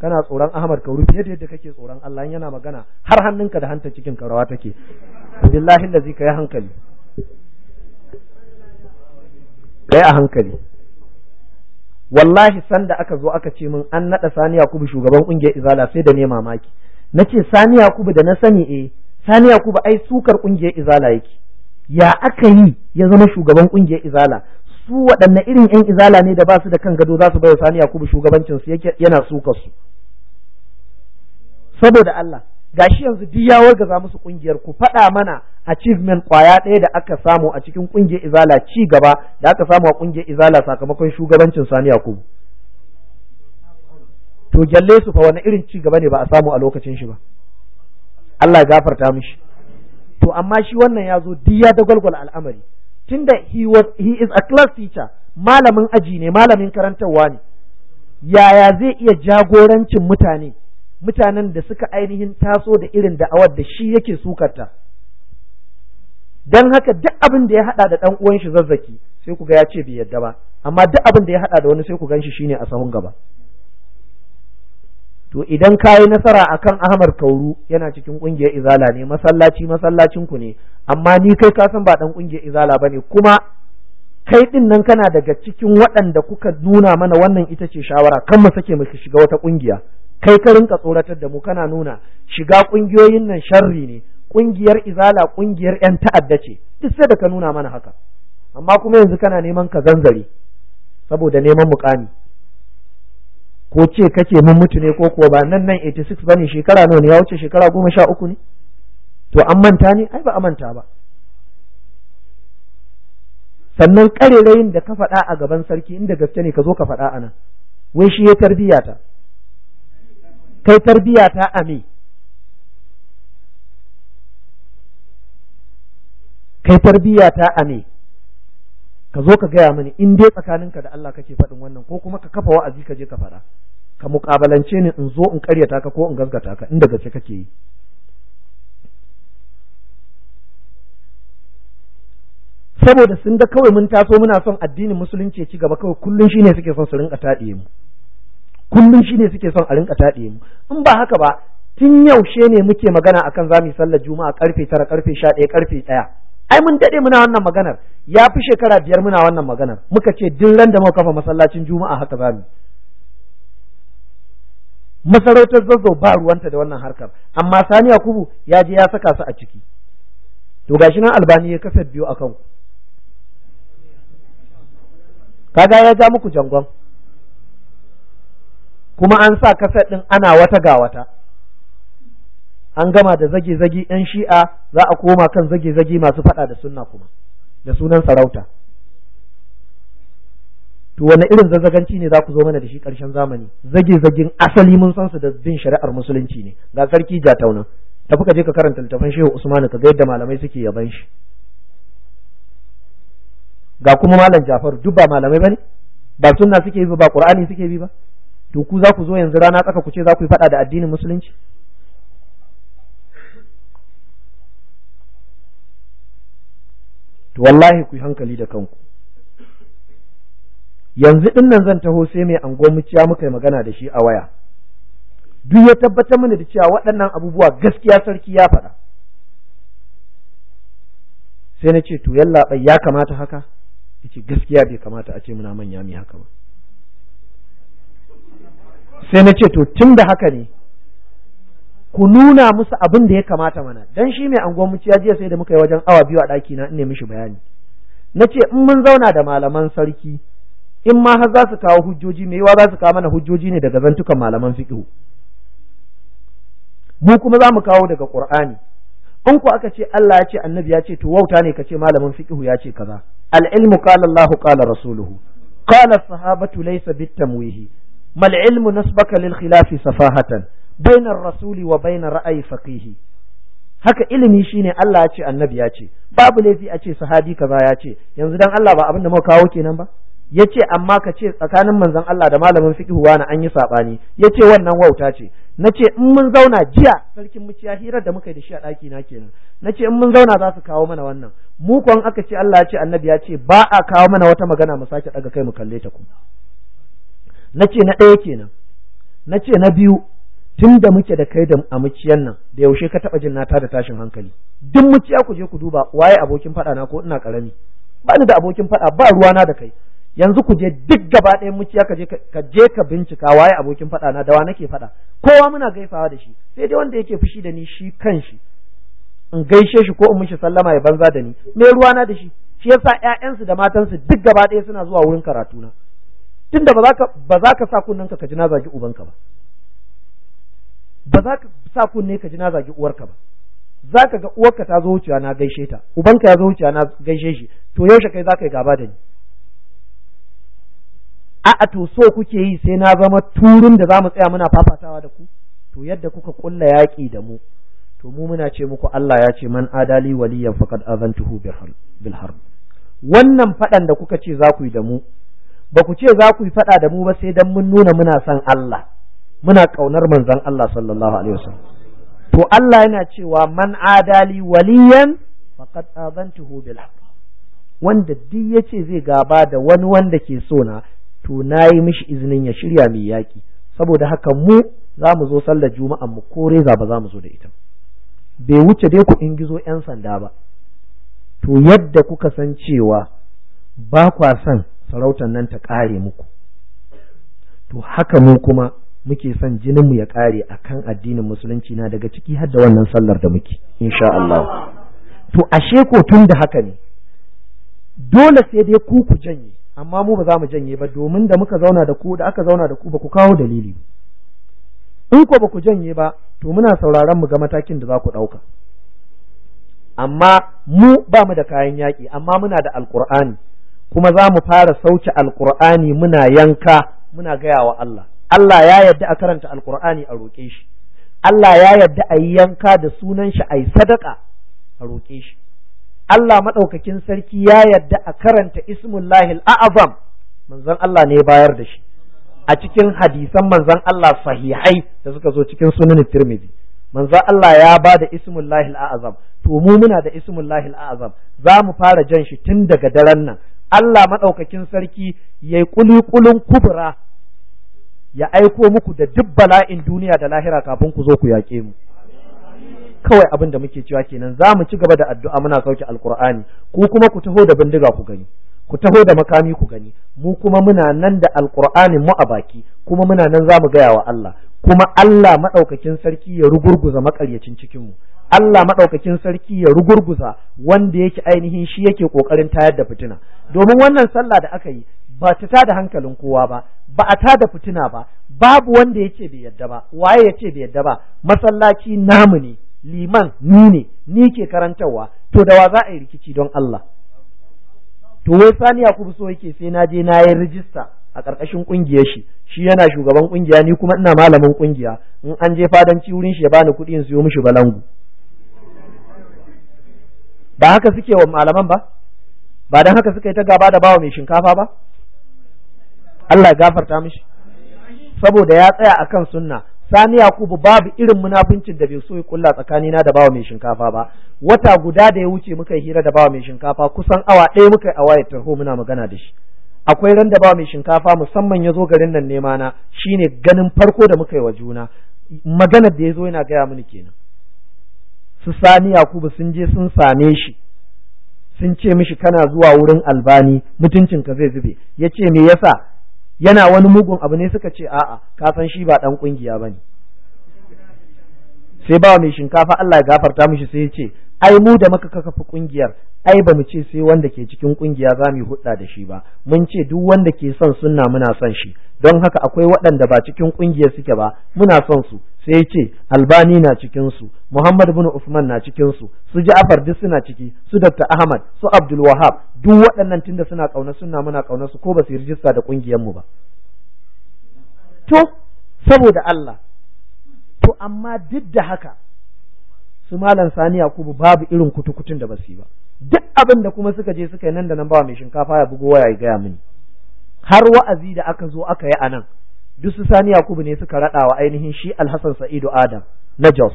kana tsoron Ahmad Kauru fiye da yadda kake tsoron Allah yana magana har hannunka da hanta cikin karawa take billahi ka yi hankali yi a hankali wallahi sanda aka zo aka ce min an naɗa Sani Yakubu shugaban ƙungiyar Izala sai da ne mamaki na ce sani yakubu da na sani eh sani yakubu ai sukar ƙungiyar izala yake ya aka yi ya zama shugaban ƙungiyar izala su waɗanne irin yan izala ne da ba su da kan gado za su bayar sani yakubu shugabancin su yake yana sukar su saboda Allah gashi yanzu duk ya wargaza musu kungiyar ku faɗa mana achievement kwaya ɗaya da aka samu a cikin kungiyar izala ci gaba da aka samu a kungiyar izala sakamakon shugabancin sani yakubu to gyalle su fa wani irin ci gaba ne ba a samu a lokacin shi ba Allah ya gafarta mishi to amma shi wannan ya zo duk ya dagwalgwal al'amari tunda he was he is a class teacher malamin aji ne malamin karantarwa ne yaya zai iya jagorancin mutane mutanen da suka ainihin taso da irin da'awar da shi yake sukarta dan haka duk abin da ya hada da dan uwan shi zazzaki sai ku ga ya ce bai yadda ba amma duk abin da ya hada da wani sai ku gan shi shine a sahun gaba to idan ka yi nasara akan Ahmad Kauru yana cikin ƙungiyar Izala ne masallaci masallacinku ne amma ni kai ka san ba ɗan ƙungiyar Izala ba ne. kuma kai ɗin nan kana daga cikin waɗanda kuka nuna mana wannan ita ce shawara kan mu sake mu shiga wata ƙungiya kai ka rinka tsoratar da mu kana nuna shiga ƙungiyoyin nan sharri ne ƙungiyar Izala ƙungiyar 'yan ta'adda ce duk sai da ka nuna mana haka amma kuma yanzu kana neman ka zanzare saboda neman mukami ko ce kake mun mutu ne ko kuwa ba nan nan 86 bane shekara nawa ne ya wuce shekara goma sha uku ne to an manta ne ai ba a manta ba sannan karerayin da ka faɗa a gaban sarki inda gaske ne ka zo ka faɗa a nan wai shi ya tarbiya ta kai tarbiya ta a me kai tarbiya ta a me ka zo ka gaya mani in dai tsakaninka da Allah kake faɗin wannan ko kuma ka kafa wa'azi ka je ka faɗa ka muƙabalance ni in zo in ƙaryata ka ko in gaskata ka inda gaske kake yi saboda sun ga kawai mun taso muna son addinin musulunci ya ci gaba kawai kullun shine suke son su rinka taɗe mu kullun shine suke son a rinka taɗe mu in ba haka ba tun yaushe ne muke magana akan zamu sallar juma'a karfe tara karfe ɗaya karfe ɗaya ai mun dade muna wannan maganar ya fi shekara biyar muna wannan maganar muka ce duk ran da muka kafa masallacin juma'a haka zamu masarautar zazzau ba ruwanta da wannan harkar amma sani yakubu ya je ya saka su a ciki to gashi nan albani ya kasar biyu akan ku kaga ya ja muku jangon kuma an sa kasar din ana wata ga wata an gama da zage-zage yan shi'a za a koma kan zage-zage masu faɗa da sunna kuma da sunan sarauta to wani irin zazzaganci ne za ku zo mana da shi ƙarshen zamani zage-zagen asali mun san su da bin shari'ar musulunci ne ga sarki jatauna tafi ka je ka karanta littafin shehu usmanu ka ga yadda malamai suke yaban shi ga kuma malam jafaru duk ba malamai bane ba sunna suke bi ba qur'ani suke bi ba to ku za ku zo yanzu rana tsaka ku ce za ku yi faɗa da addinin musulunci to wallahi ku hankali da kanku yanzu din nan zan taho sai mai anguwan muciya muka yi magana da shi a waya duk ya tabbatar mana da cewa waɗannan abubuwa gaskiya sarki ya faɗa sai na ce to yalla bai ya kamata haka yace gaskiya bai kamata a ce muna manya mai haka ba sai na ce to tun da haka ne ku nuna musu abin da ya kamata mana dan shi mai anguwan mu ya jiya sai da muka yi wajen awa biyu a ɗaki na ne mishi bayani na ce in mun zauna da malaman sarki in ma har za su kawo hujjoji mai yawa za su kawo mana hujjoji ne daga zantukan malaman fiqh mu kuma za mu kawo daga qur'ani in ku aka ce Allah ya ce annabi ya ce to wauta ne ka ce malamin fiqh ya ce kaza al ilmu qala Allah qala rasuluhu qala sahabatu laisa bit tamwihi mal ilmu nasbaka lil khilafi safahatan bainar rasuli wa bainar ra'ayi faqihi haka ilimi shine Allah ya ce annabi ya ce babu laifi a ce sahadi kaza ya ce yanzu dan Allah ba abin da muka kawo kenan ba yace amma ka ce tsakanin manzon Allah da malamin fiqh na an yi sabani yace wannan wauta ce nace in mun zauna jiya sarkin muciya hirar da muka yi da shi a daki na kenan nace in mun zauna za su kawo mana wannan mu kon aka ce Allah ya ce annabi ce ba a kawo mana wata magana mu sake ɗaga kai mu kalle ta ku nace na ɗaya kenan nace na biyu tun da muke da kai da muciyan nan da yaushe ka taɓa jin nata da tashin hankali duk muciya ku je ku duba waye abokin faɗa na ko ina karami ba ni da abokin faɗa ba ruwa na da kai yanzu ku je duk gaba ɗaya muciya ka je ka je ka bincika waye abokin faɗa na wa nake faɗa kowa muna gaifawa da shi sai dai wanda yake fushi da ni shi kan shi in gaishe shi ko in mishi sallama ya banza da ni me ruwana da shi shi yasa ƴaƴansu da matansu duk gaba ɗaya suna zuwa wurin karatuna tunda ba za ka ba za ka sa kunnenka ka ji na zagi ubanka ba ba za ka sa kunne ka ji na zagi uwarka ba za ka ga uwarka ta zo wucewa na gaishe ta ubanka ya zo wucewa na gaishe shi to yaushe kai za ka yi gaba da ni a'a to so kuke yi sai na zama turun da za mu tsaya muna fafatawa da ku to yadda kuka kulla yaƙi da mu to mu muna ce muku Allah ya ce man adali waliyan faqad azantuhu bil harb wannan faɗan da kuka ce za ku yi da mu ba ku ce za ku yi faɗa da mu ba sai dan mun nuna muna son Allah muna ƙaunar manzon Allah sallallahu alaihi wasallam to Allah yana cewa man adali waliyan faqad adantuhu bil wanda duk yace zai gaba da wani wanda ke so na to nayi mishi izinin ya shirya mai yaki saboda haka mu za mu zo sallar juma'a mu kore za ba za mu zo da ita bai wuce dai ku gizo yan sanda ba to yadda kuka san cewa ba kwa san sarautar nan ta ƙare muku to haka mu kuma muke son jinin mu ya kare akan addinin musulunci na daga ciki har da wannan sallar da muke insha Allah to ashe ko tun da haka ne dole sai dai ku ku janye amma mu ba za mu janye ba domin da muka zauna da ku da aka zauna da ku ba ku kawo dalili in ko ba ku janye ba to muna sauraron mu ga matakin da za ku ɗauka amma mu ba mu da kayan yaki, amma muna da alƙur'ani kuma za mu fara sauke alƙur'ani muna yanka muna gaya wa Allah Allah ya yadda a karanta alkur'ani a roƙe shi Allah ya yadda a yi yanka da sunan shi a yi sadaka a roƙe shi Allah maɗaukakin sarki ya yadda a karanta ismullahil a'azam manzon Allah ne bayar da shi a cikin hadisan manzon Allah sahihai da suka zo cikin sunan Tirmidhi manzon Allah ya ba da ismullahil a'azam to mu muna da ismullahil a'azam za mu fara jan shi tun daga daren nan Allah maɗaukakin sarki ya yi kulikulin kubura ya aiko muku da duk bala'in duniya da lahira kafin ku zo ku yaƙe mu kawai abin da muke cewa kenan za mu ci gaba da addu'a muna sauke alkur'ani ku kuma ku taho da bindiga ku gani ku taho da makami ku gani mu kuma muna nan da alkur'anin mu a baki kuma muna nan za mu gaya wa Allah kuma Allah maɗaukakin sarki ya rugurguza maƙaryacin cikinmu Allah maɗaukakin sarki ya rugurguza wanda yake ainihin shi yake ƙoƙarin tayar da fitina domin wannan sallah da aka yi ba ta tada hankalin kowa ba ba a tada fitina ba babu wanda ya ce bai yadda ba waye ya ce bai yadda ba masallaci namu ne liman ni ne ni ke karantarwa to da wa za a yi rikici don Allah to wai sani kuma so yake sai na je na yi rijista a ƙarƙashin ƙungiyar shi shi yana shugaban ƙungiya ni kuma ina malamin ƙungiya in an je fadanci wurin shi ya bani kuɗi in siyo mishi balangu ba haka suke wa malaman ba ba don haka suka yi ta gaba da bawa mai shinkafa ba Allah ya gafarta mishi saboda ya tsaya akan sunna sani yakubu babu irin munafincin da bai so ya kulla tsakanina da bawa mai shinkafa ba wata guda da ya wuce muka hira da bawa mai shinkafa kusan awa ɗaya muka yi awa ya tarho muna magana da shi akwai ran da bawa mai shinkafa musamman ya zo garin nan nema na shine ganin farko da muka yi wa juna magana da ya zo yana gaya mini kenan su sani yakubu sun je sun same shi sun ce mishi kana zuwa wurin albani mutuncinka zai zube ya ce me yasa yana wani mugun abu ne suka ce a'a ka san shi ba dan kungiya bane sai ba mai shinkafa Allah ya gafarta mishi sai ya ce ai mu da muka kafa kungiyar ai ba mu ce sai wanda ke cikin kungiya za mu hudda da shi ba mun ce duk wanda ke son sunna muna son shi don haka akwai waɗanda ba cikin kungiyar suke ba muna son su sai ce albani na cikin su muhammad bin usman na cikin su su ja'far duk suna ciki su dr ahmad su abdul wahab duk waɗannan tunda suna kauna sunna muna kauna su ko ba su yi rijista da kungiyar mu ba to saboda Allah to amma duk da haka su malam sani Kubu babu irin kutukutun da basu yi ba duk abin da kuma suka je suka yi nan da nan ba mai shinkafa ya bugo waya ya gaya mini har wa'azi da aka zo aka yi a nan duk su sani Kubu ne suka raɗa wa ainihin shi alhassan sa'idu adam na jos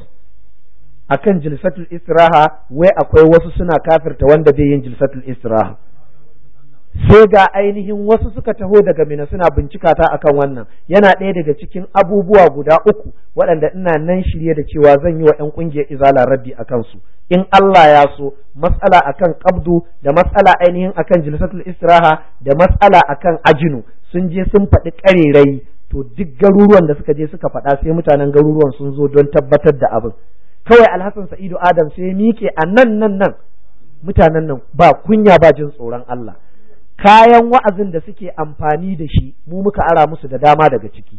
akan jilsatul istiraha wai akwai wasu suna kafirta wanda bai yin jilsatul istiraha sai ga ainihin wasu suka taho daga mina suna bincika ta akan wannan yana ɗaya daga cikin abubuwa guda uku waɗanda ina nan shirye da cewa zan yi wa 'yan ƙungiyar izala raddi a kansu in Allah ya so matsala akan kabdu da matsala ainihin akan Jilisatul Israha da matsala akan ajinu sun je sun faɗi ƙarerai to duk garuruwan da suka je suka faɗa sai mutanen garuruwan sun zo don tabbatar da abin kawai alhassan sa'idu adam sai miƙe a nan nan nan mutanen nan ba kunya ba jin tsoron Allah kayan wa'azin da suke amfani da shi mu muka ara musu da dama daga ciki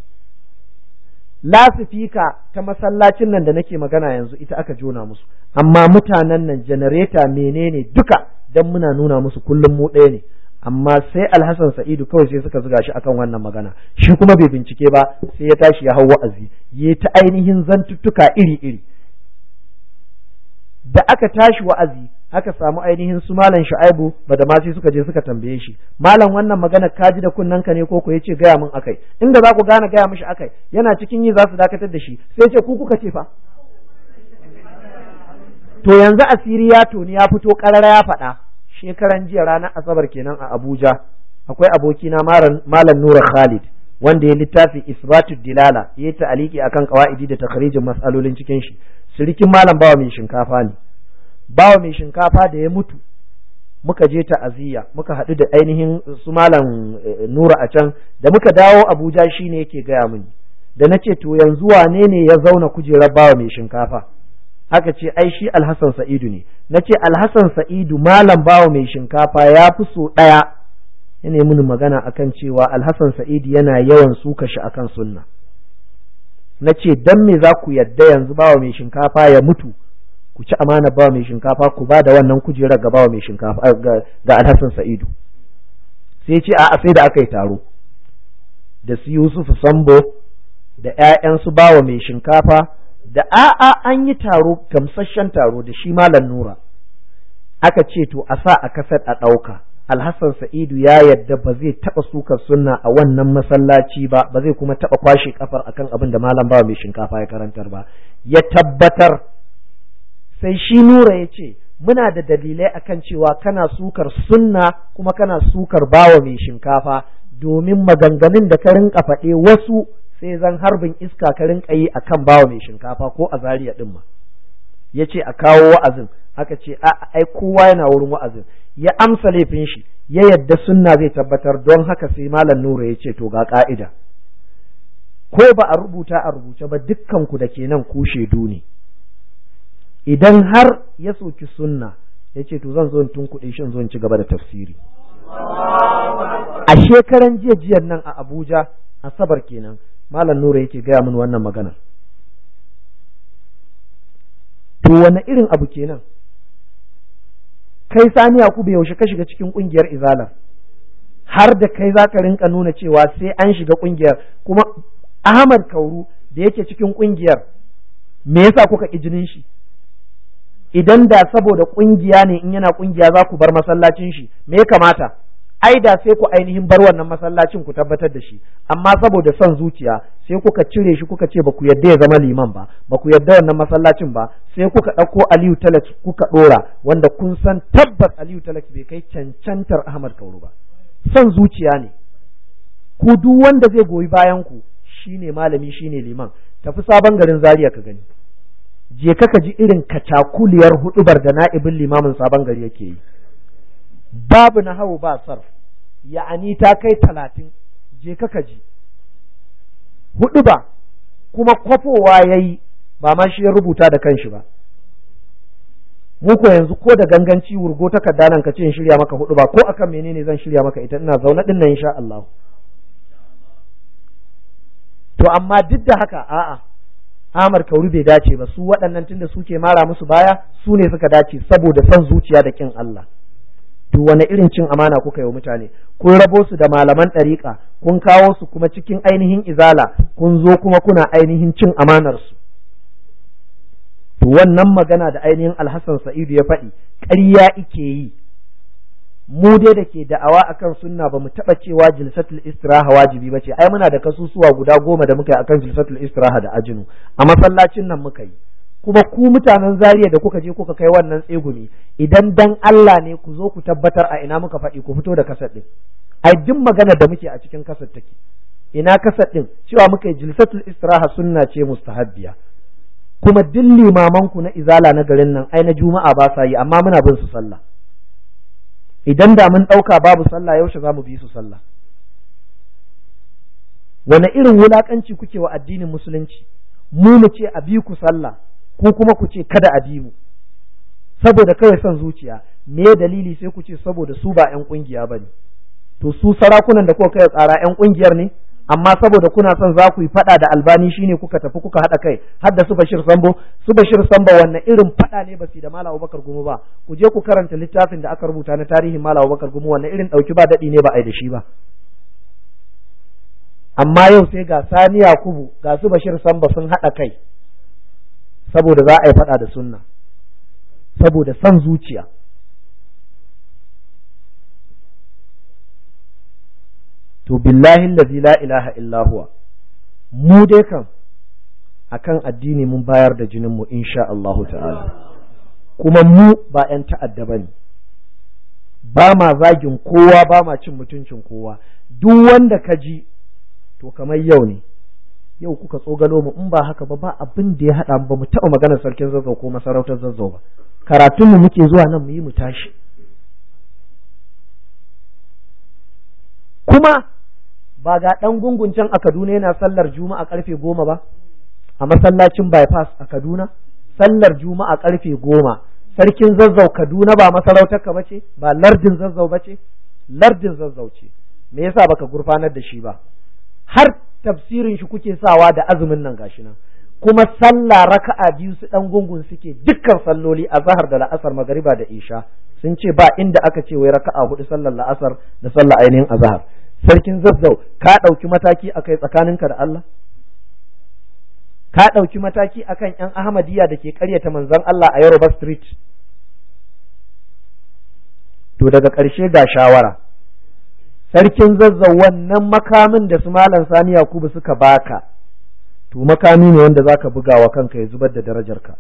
lasifika ta masallacin nan da nake magana yanzu ita aka jona musu amma mutanen nan janareta menene duka don muna nuna musu kullum mu ɗaya ne amma sai alhassan sa'idu kawai sai suka zuga shi akan wannan magana shi kuma bai bincike ba sai ya tashi ya hau wa'azi ya ta ainihin zantuttuka iri iri da aka tashi wa'azi haka samu ainihin su malam Shu'aibu Badamasi suka je suka tambaye shi malam wannan magana kaji ji da ka ne ko ku yace gaya min akai inda za ku gane gaya mishi akai yana cikin yi za su dakatar da shi sai ce ku kuka ce fa to yanzu asiri ya toni ya fito karara ya faɗa shekaran jiya ranar asabar kenan a Abuja akwai abokina malam Nura Khalid wanda ya littafi Isbatu Dilala ya ta aliki akan qawaidi da takharijin matsalolin cikin shi sirikin malam bawa mai shinkafa ne bawa mai shinkafa da ya mutu muka je ta'aziyya muka haɗu da ainihin su malam eh, nura a can da muka dawo abuja shine yake gaya mini da na ce to yanzu wane ne ya zauna kujerar bawa mai shinkafa Haka ce ai shi alhassan sa'idu ne na ce alhassan sa'idu malam bawa mai shinkafa ya fi so ɗaya ya mini magana akan cewa alhassan sa'idu yana yawan suka shi akan sunna na ce don me za ku yadda yanzu bawa mai shinkafa ya mutu ku ci amana bawa mai shinkafa ku ba da wannan kujerar ga bawa mai shinkafa ga alhassan sa'idu sai ce a sai da aka yi taro da su yusuf sambo da 'ya'yansu bawa mai shinkafa da a'a an yi taro gamsasshen taro da shi malam nura aka ce to a sa a kasar a ɗauka alhassan sa'idu ya yarda ba zai taɓa sukar sunna a wannan masallaci ba ba zai kuma taɓa kwashe kafar akan abin da malam bawa mai shinkafa ya karantar ba ya tabbatar sai shi nura ya ce muna da dalilai akan cewa kana sukar sunna kuma kana sukar bawa mai shinkafa domin maganganun da ka rinka faɗe wasu sai zan harbin iska ka rinka yi akan bawa mai shinkafa ko a zariya ɗin ma ya ce a kawo wa'azin aka ce a ai kowa yana wurin wa'azin ya amsa laifin shi ya yadda sunna zai tabbatar don haka sai malam nura ya ce to ga ka'ida ko ba a rubuta a rubuce ba dukkanku da ke nan ku shaidu ne idan har ya soki sunna ya ce to zan zo tun kuɗi shin zo ci gaba da tafsiri a shekaran jiya jiyan nan a abuja asabar kenan malam nura yake gaya min wannan maganar to wani irin abu kenan kai sani yakubu yaushe ka shiga cikin ƙungiyar izala har da kai za ka rinka nuna cewa sai an shiga ƙungiyar kuma ahmad kauru da yake cikin ƙungiyar me yasa kuka ki jinin shi idan da saboda ƙungiya ne in yana ƙungiya za ku bar masallacin shi me ya kamata ai da sai ku ainihin bar wannan masallacin ku tabbatar da shi amma saboda son zuciya sai kuka cire shi kuka ce ba ku yadda ya zama liman ba ba ku yadda wannan masallacin ba sai kuka ɗauko Aliyu talak kuka ɗora wanda kun san tabbas Aliyu Talax bai kai cancantar Ahmad Kauru ba son zuciya ne ku duk wanda zai goyi bayan ku shine malami shine liman tafi sabon garin Zaria ka gani je ka ji irin kacakuliyar huɗubar da na'ibin limamin sabon gari yake yi babu na hau ba sarf ya'ani ta kai talatin je ka ji. hudu ba kuma kwafowa ya yi ba ma shi ya rubuta da kanshi ba mu yanzu ko da ganganci wurgo takarda nan ka ce in shirya maka hudu ba ko akan menene zan shirya maka ita ina zaune din nan insha Allah to amma duk da haka a'a Amar Kauri bai dace ba su waɗannan tunda suke mara musu baya su ne suka dace saboda son zuciya da kin Allah to wani irin cin amana kuka yi wa mutane kun rabo su da malaman ɗariƙa kun kawo su kuma cikin ainihin izala kun zo kuma kuna ainihin cin amanar su to wannan magana da ainihin alhassan sa'idu ya faɗi ƙarya ike yi mu dai da ke da'awa a kan sunna ba mu taɓa cewa jilsatul istiraha wajibi ba ce ai muna da kasusuwa guda goma da muka yi akan jilsatul istiraha da ajinu a masallacin nan muka yi kuma ku mutanen zariya da kuka je kuka kai wannan tsegumi idan dan Allah ne ku zo ku tabbatar a ina muka faɗi ku fito da kasar ɗin ai duk magana da muke a cikin kasar take ina kasar ɗin cewa muka yi jilsatul istiraha sunna ce mustahabbiya kuma duk limaman na izala na garin nan ai na juma'a ba sa yi amma muna bin su sallah idan da mun ɗauka babu sallah yaushe za mu bi su sallah wane irin wulakanci kuke wa addinin musulunci mu mu ce a bi ku sallah Ku kuma ku ce kada a bi mu saboda kawai son zuciya me dalili sai ku ce saboda su ba ƴan ba ne, to su sarakunan da kuka kai tsara ƴan kungiyar ne amma saboda kuna son za ku yi fada da albani shine kuka tafi kuka haɗa kai har da su bashir sambo su bashir sambo wannan irin faɗa ne ba su da malam abubakar gumu ba ku je ku karanta littafin da aka rubuta na tarihin malam abubakar gumu wannan irin ɗauki ba daɗi ne ba ai da shi ba amma yau sai ga sani yakubu ga su bashir sambo sun haɗa kai saboda za a yi faɗa da sunna saboda san zuciya to billahi lazi la ilaha illahuwa mu dai kan akan addini mun bayar da jininmu insha Allahu ta'ala kuma mu ba 'yan ta'adda ba ne ba ma zagin kowa ba ma cin mutuncin kowa duk wanda ka ji to kamar yau ne yau kuka tsogalo mu in ba haka ba ba abin da ya haɗa ba mu taɓa maganar sarkin zazzau ko masarautar zazzau ba karatun mu muke zuwa nan mu yi mu tashi kuma ba ga ɗan gungun can a Kaduna yana sallar juma'a ƙarfe goma ba a masallacin bypass a Kaduna sallar juma'a ƙarfe goma sarkin zazzau Kaduna ba masarautar ka bace ba lardin zazzau bace lardin zazzau ce me yasa baka gurfanar da shi ba har tafsirin shi kuke sawa da azumin nan gashi nan kuma sallah raka'a biyu su dan gungun suke dukkan salloli a zahar da la'asar magariba da isha sun ce ba inda aka ce wai raka'a hudu sallar la'asar da sallar ainihin azhar sarkin zazzau ka ɗauki mataki akai tsakaninka da Allah ka ɗauki mataki akan ‘yan Ahmadiyya da ke ƙaryata manzon Allah a Yoruba Street. To daga ƙarshe ga shawara, sarkin zazzau wannan makamin da su malam sani yakubu suka baka to makami ne wanda zaka buga wa kanka ya zubar da darajarka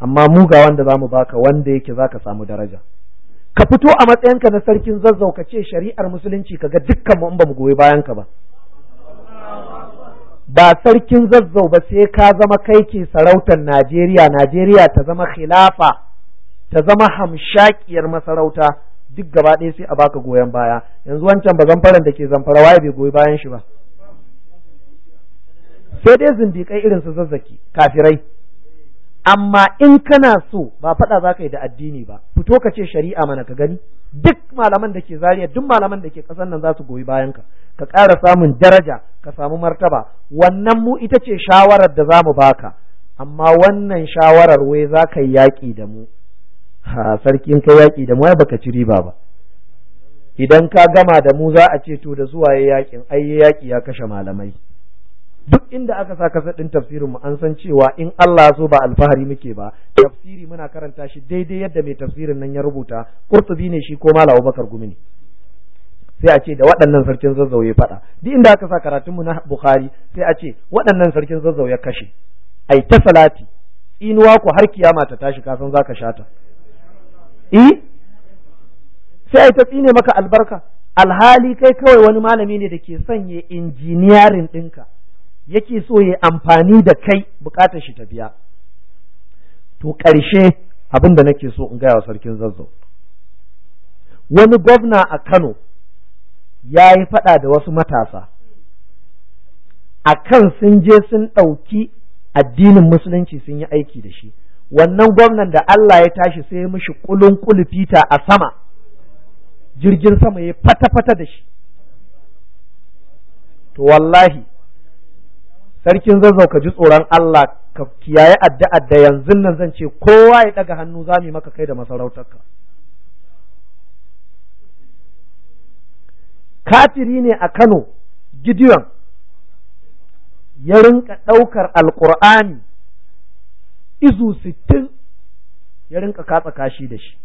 amma mu ga wanda mu baka wanda yake zaka samu daraja ka fito a matsayinka na sarkin zazzau ka ce shari'ar musulunci ka ga dukkan mu in mu goyi bayan ka ba ba sarkin zazzau ba sai ka zama kai ke sarautar Najeriya Najeriya ta zama khilafa ta zama hamshakiyar masarauta duk gaba ɗaya sai a baka goyon baya yanzu wancan ba zamfaran da ke zamfara waye bai goyi bayan shi ba sai dai zindiƙai irin su zazzaki kafirai amma in kana so ba faɗa za ka yi da addini ba fito ka ce shari'a mana ka gani duk malaman da ke zariya duk malaman da ke ƙasar nan za su goyi bayan ka ka ƙara samun daraja ka samu martaba wannan mu ita ce shawarar da za mu baka amma wannan shawarar wai za ka yi yaƙi da mu ha sarki in kai yaƙi da mu ya baka ci riba ba idan ka gama da mu za a ce to da zuwa ya yaƙin ai yaƙi ya kashe malamai duk inda aka sa kasa ɗin tafsirin mu an san cewa in Allah so ba alfahari muke ba tafsiri muna karanta shi daidai yadda mai tafsirin nan ya rubuta Qurtubi ne shi ko malamu bakar Gumi ne sai a ce da waɗannan sarkin zazzau ya faɗa duk inda aka sa karatun mu na Bukhari sai a ce waɗannan sarkin zazzau ya kashe ai ta salati inuwa ku har kiyama ta tashi ka san zaka shata eh sai ai ta tsine maka albarka alhali kai kawai wani malami ne da ke sanya injiniyarin ɗinka yake so ya amfani da kai bukatar shi ta biya to ƙarshe abin da nake so in gaya wa sarkin zazzau wani gwamna a kano ya yi faɗa da wasu matasa Akan sun je sun ɗauki addinin musulunci sun yi aiki da shi wannan gwamnan da Allah ya tashi sai ya mishi kulun kulufita a sama jirgin sama ya fata-fata da shi to wallahi sarkin zazzau ka ji tsoron Allah ka kiyaye addu'a da yanzu nan zan ce kowa ya ɗaga hannu za mu maka kai da masarautarka kafiri ne a Kano Gideon ya rinka ɗaukar alƙur'ani izu sittin ya rinka katsa kashi da shi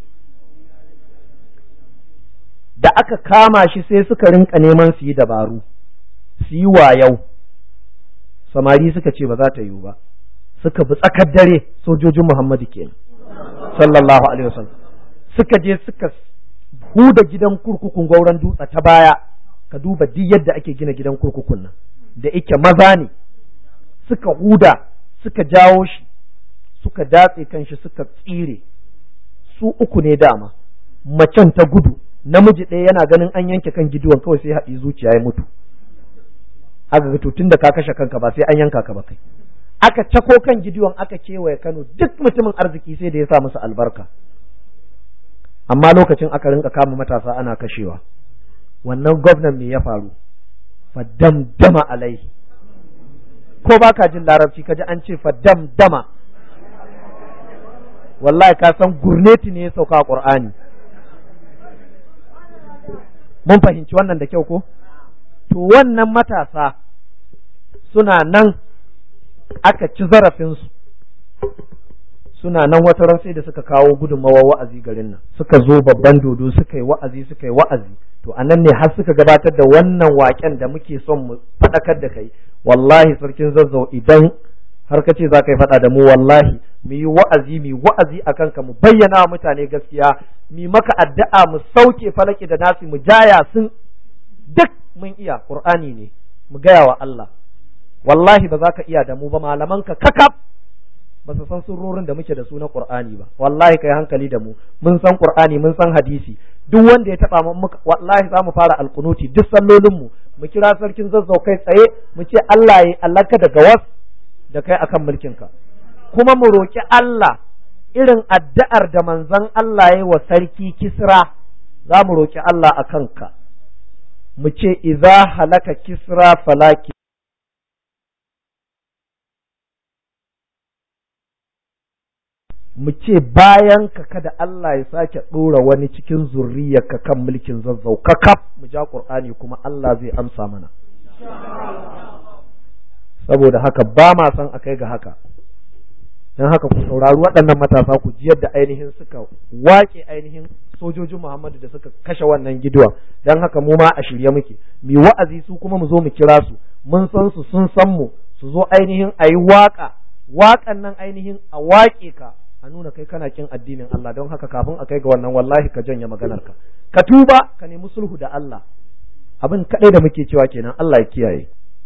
da aka kama shi sai suka rinka neman su yi dabaru su yi wayau samari suka ce ba za ta yiwu ba suka bi tsakar dare sojojin muhammadu kenan sallallahu alaihi wasallam suka je suka huda gidan kurkukun gauran dutse ta baya ka duba duk yadda ake gina gidan kurkukun nan da ike maza ne suka huda suka jawo shi suka datse kanshi suka tsire su uku ne dama macen ta gudu namiji ɗaya yana ganin an yanke kan gidiwan kawai sai haɗi zuciya ya mutu haka ga tun da ka kashe kanka ba sai an yanka ka ba kai aka cako kan gidiwan aka kewaye Kano duk mutumin arziki sai da ya sa musu albarka amma lokacin aka rinka kama matasa ana kashewa wannan gwamnan me ya faru faddam dama alaihi ko baka jin larabci kaji an ce faddam dama wallahi ka san gurneti ne ya sauka a Qur'ani mun fahimci wannan da kyau ko to wannan matasa suna nan aka ci zarafinsu suna nan wata ran da suka kawo gudunmawar wa'azi garin nan suka zo babban dodo suka yi wa'azi suka yi wa'azi to anan ne har suka gabatar da wannan waken da muke son mu faɗakar da kai wallahi sarkin zazzau idan har ka ce za ka yi faɗa da mu wallahi mu yi wa'azi mu wa'azi a kanka mu bayyana wa mutane gaskiya mu maka addu'a mu sauke falaki da nasi mu jaya sun duk mun iya qur'ani ne mu gaya wa Allah wallahi ba za ka iya da mu ba malamanka kakaf ba su san surorin da muke da su na qur'ani ba wallahi kai hankali da mu mun san qur'ani mun san hadisi duk wanda ya taba mu wallahi za mu fara alkunuti duk sallolin mu mu kira sarkin zazzau kai tsaye mu ce Allah ya allaka daga gawas da kai akan mulkin ka kuma mu roƙi Allah irin addu'ar da manzon Allah ya wa sarki Kisra za mu roƙi Allah a kanka mu ce idza halaka Kisra falaki mu ce bayan ka kada Allah ya sake ɗora wani cikin zurriyarka kan mulkin zazzau kakaf mu ja ƙur'ani kuma Allah zai amsa mana saboda haka ba ma san akai ga haka don haka ku saurari waɗannan matasa ku ji yadda ainihin suka wake ainihin sojojin Muhammadu da suka kashe wannan gidwa don haka mu ma a shirye muke mi wa'azi su kuma mu zo mu kira su mun san su sun san mu su zo ainihin a yi waƙa waƙan nan ainihin a wake ka a nuna kai kana kin addinin Allah don haka kafin a kai ga wannan wallahi ka janye maganar ka ka tuba ka nemi sulhu da Allah abin kaɗai da muke cewa kenan Allah ya kiyaye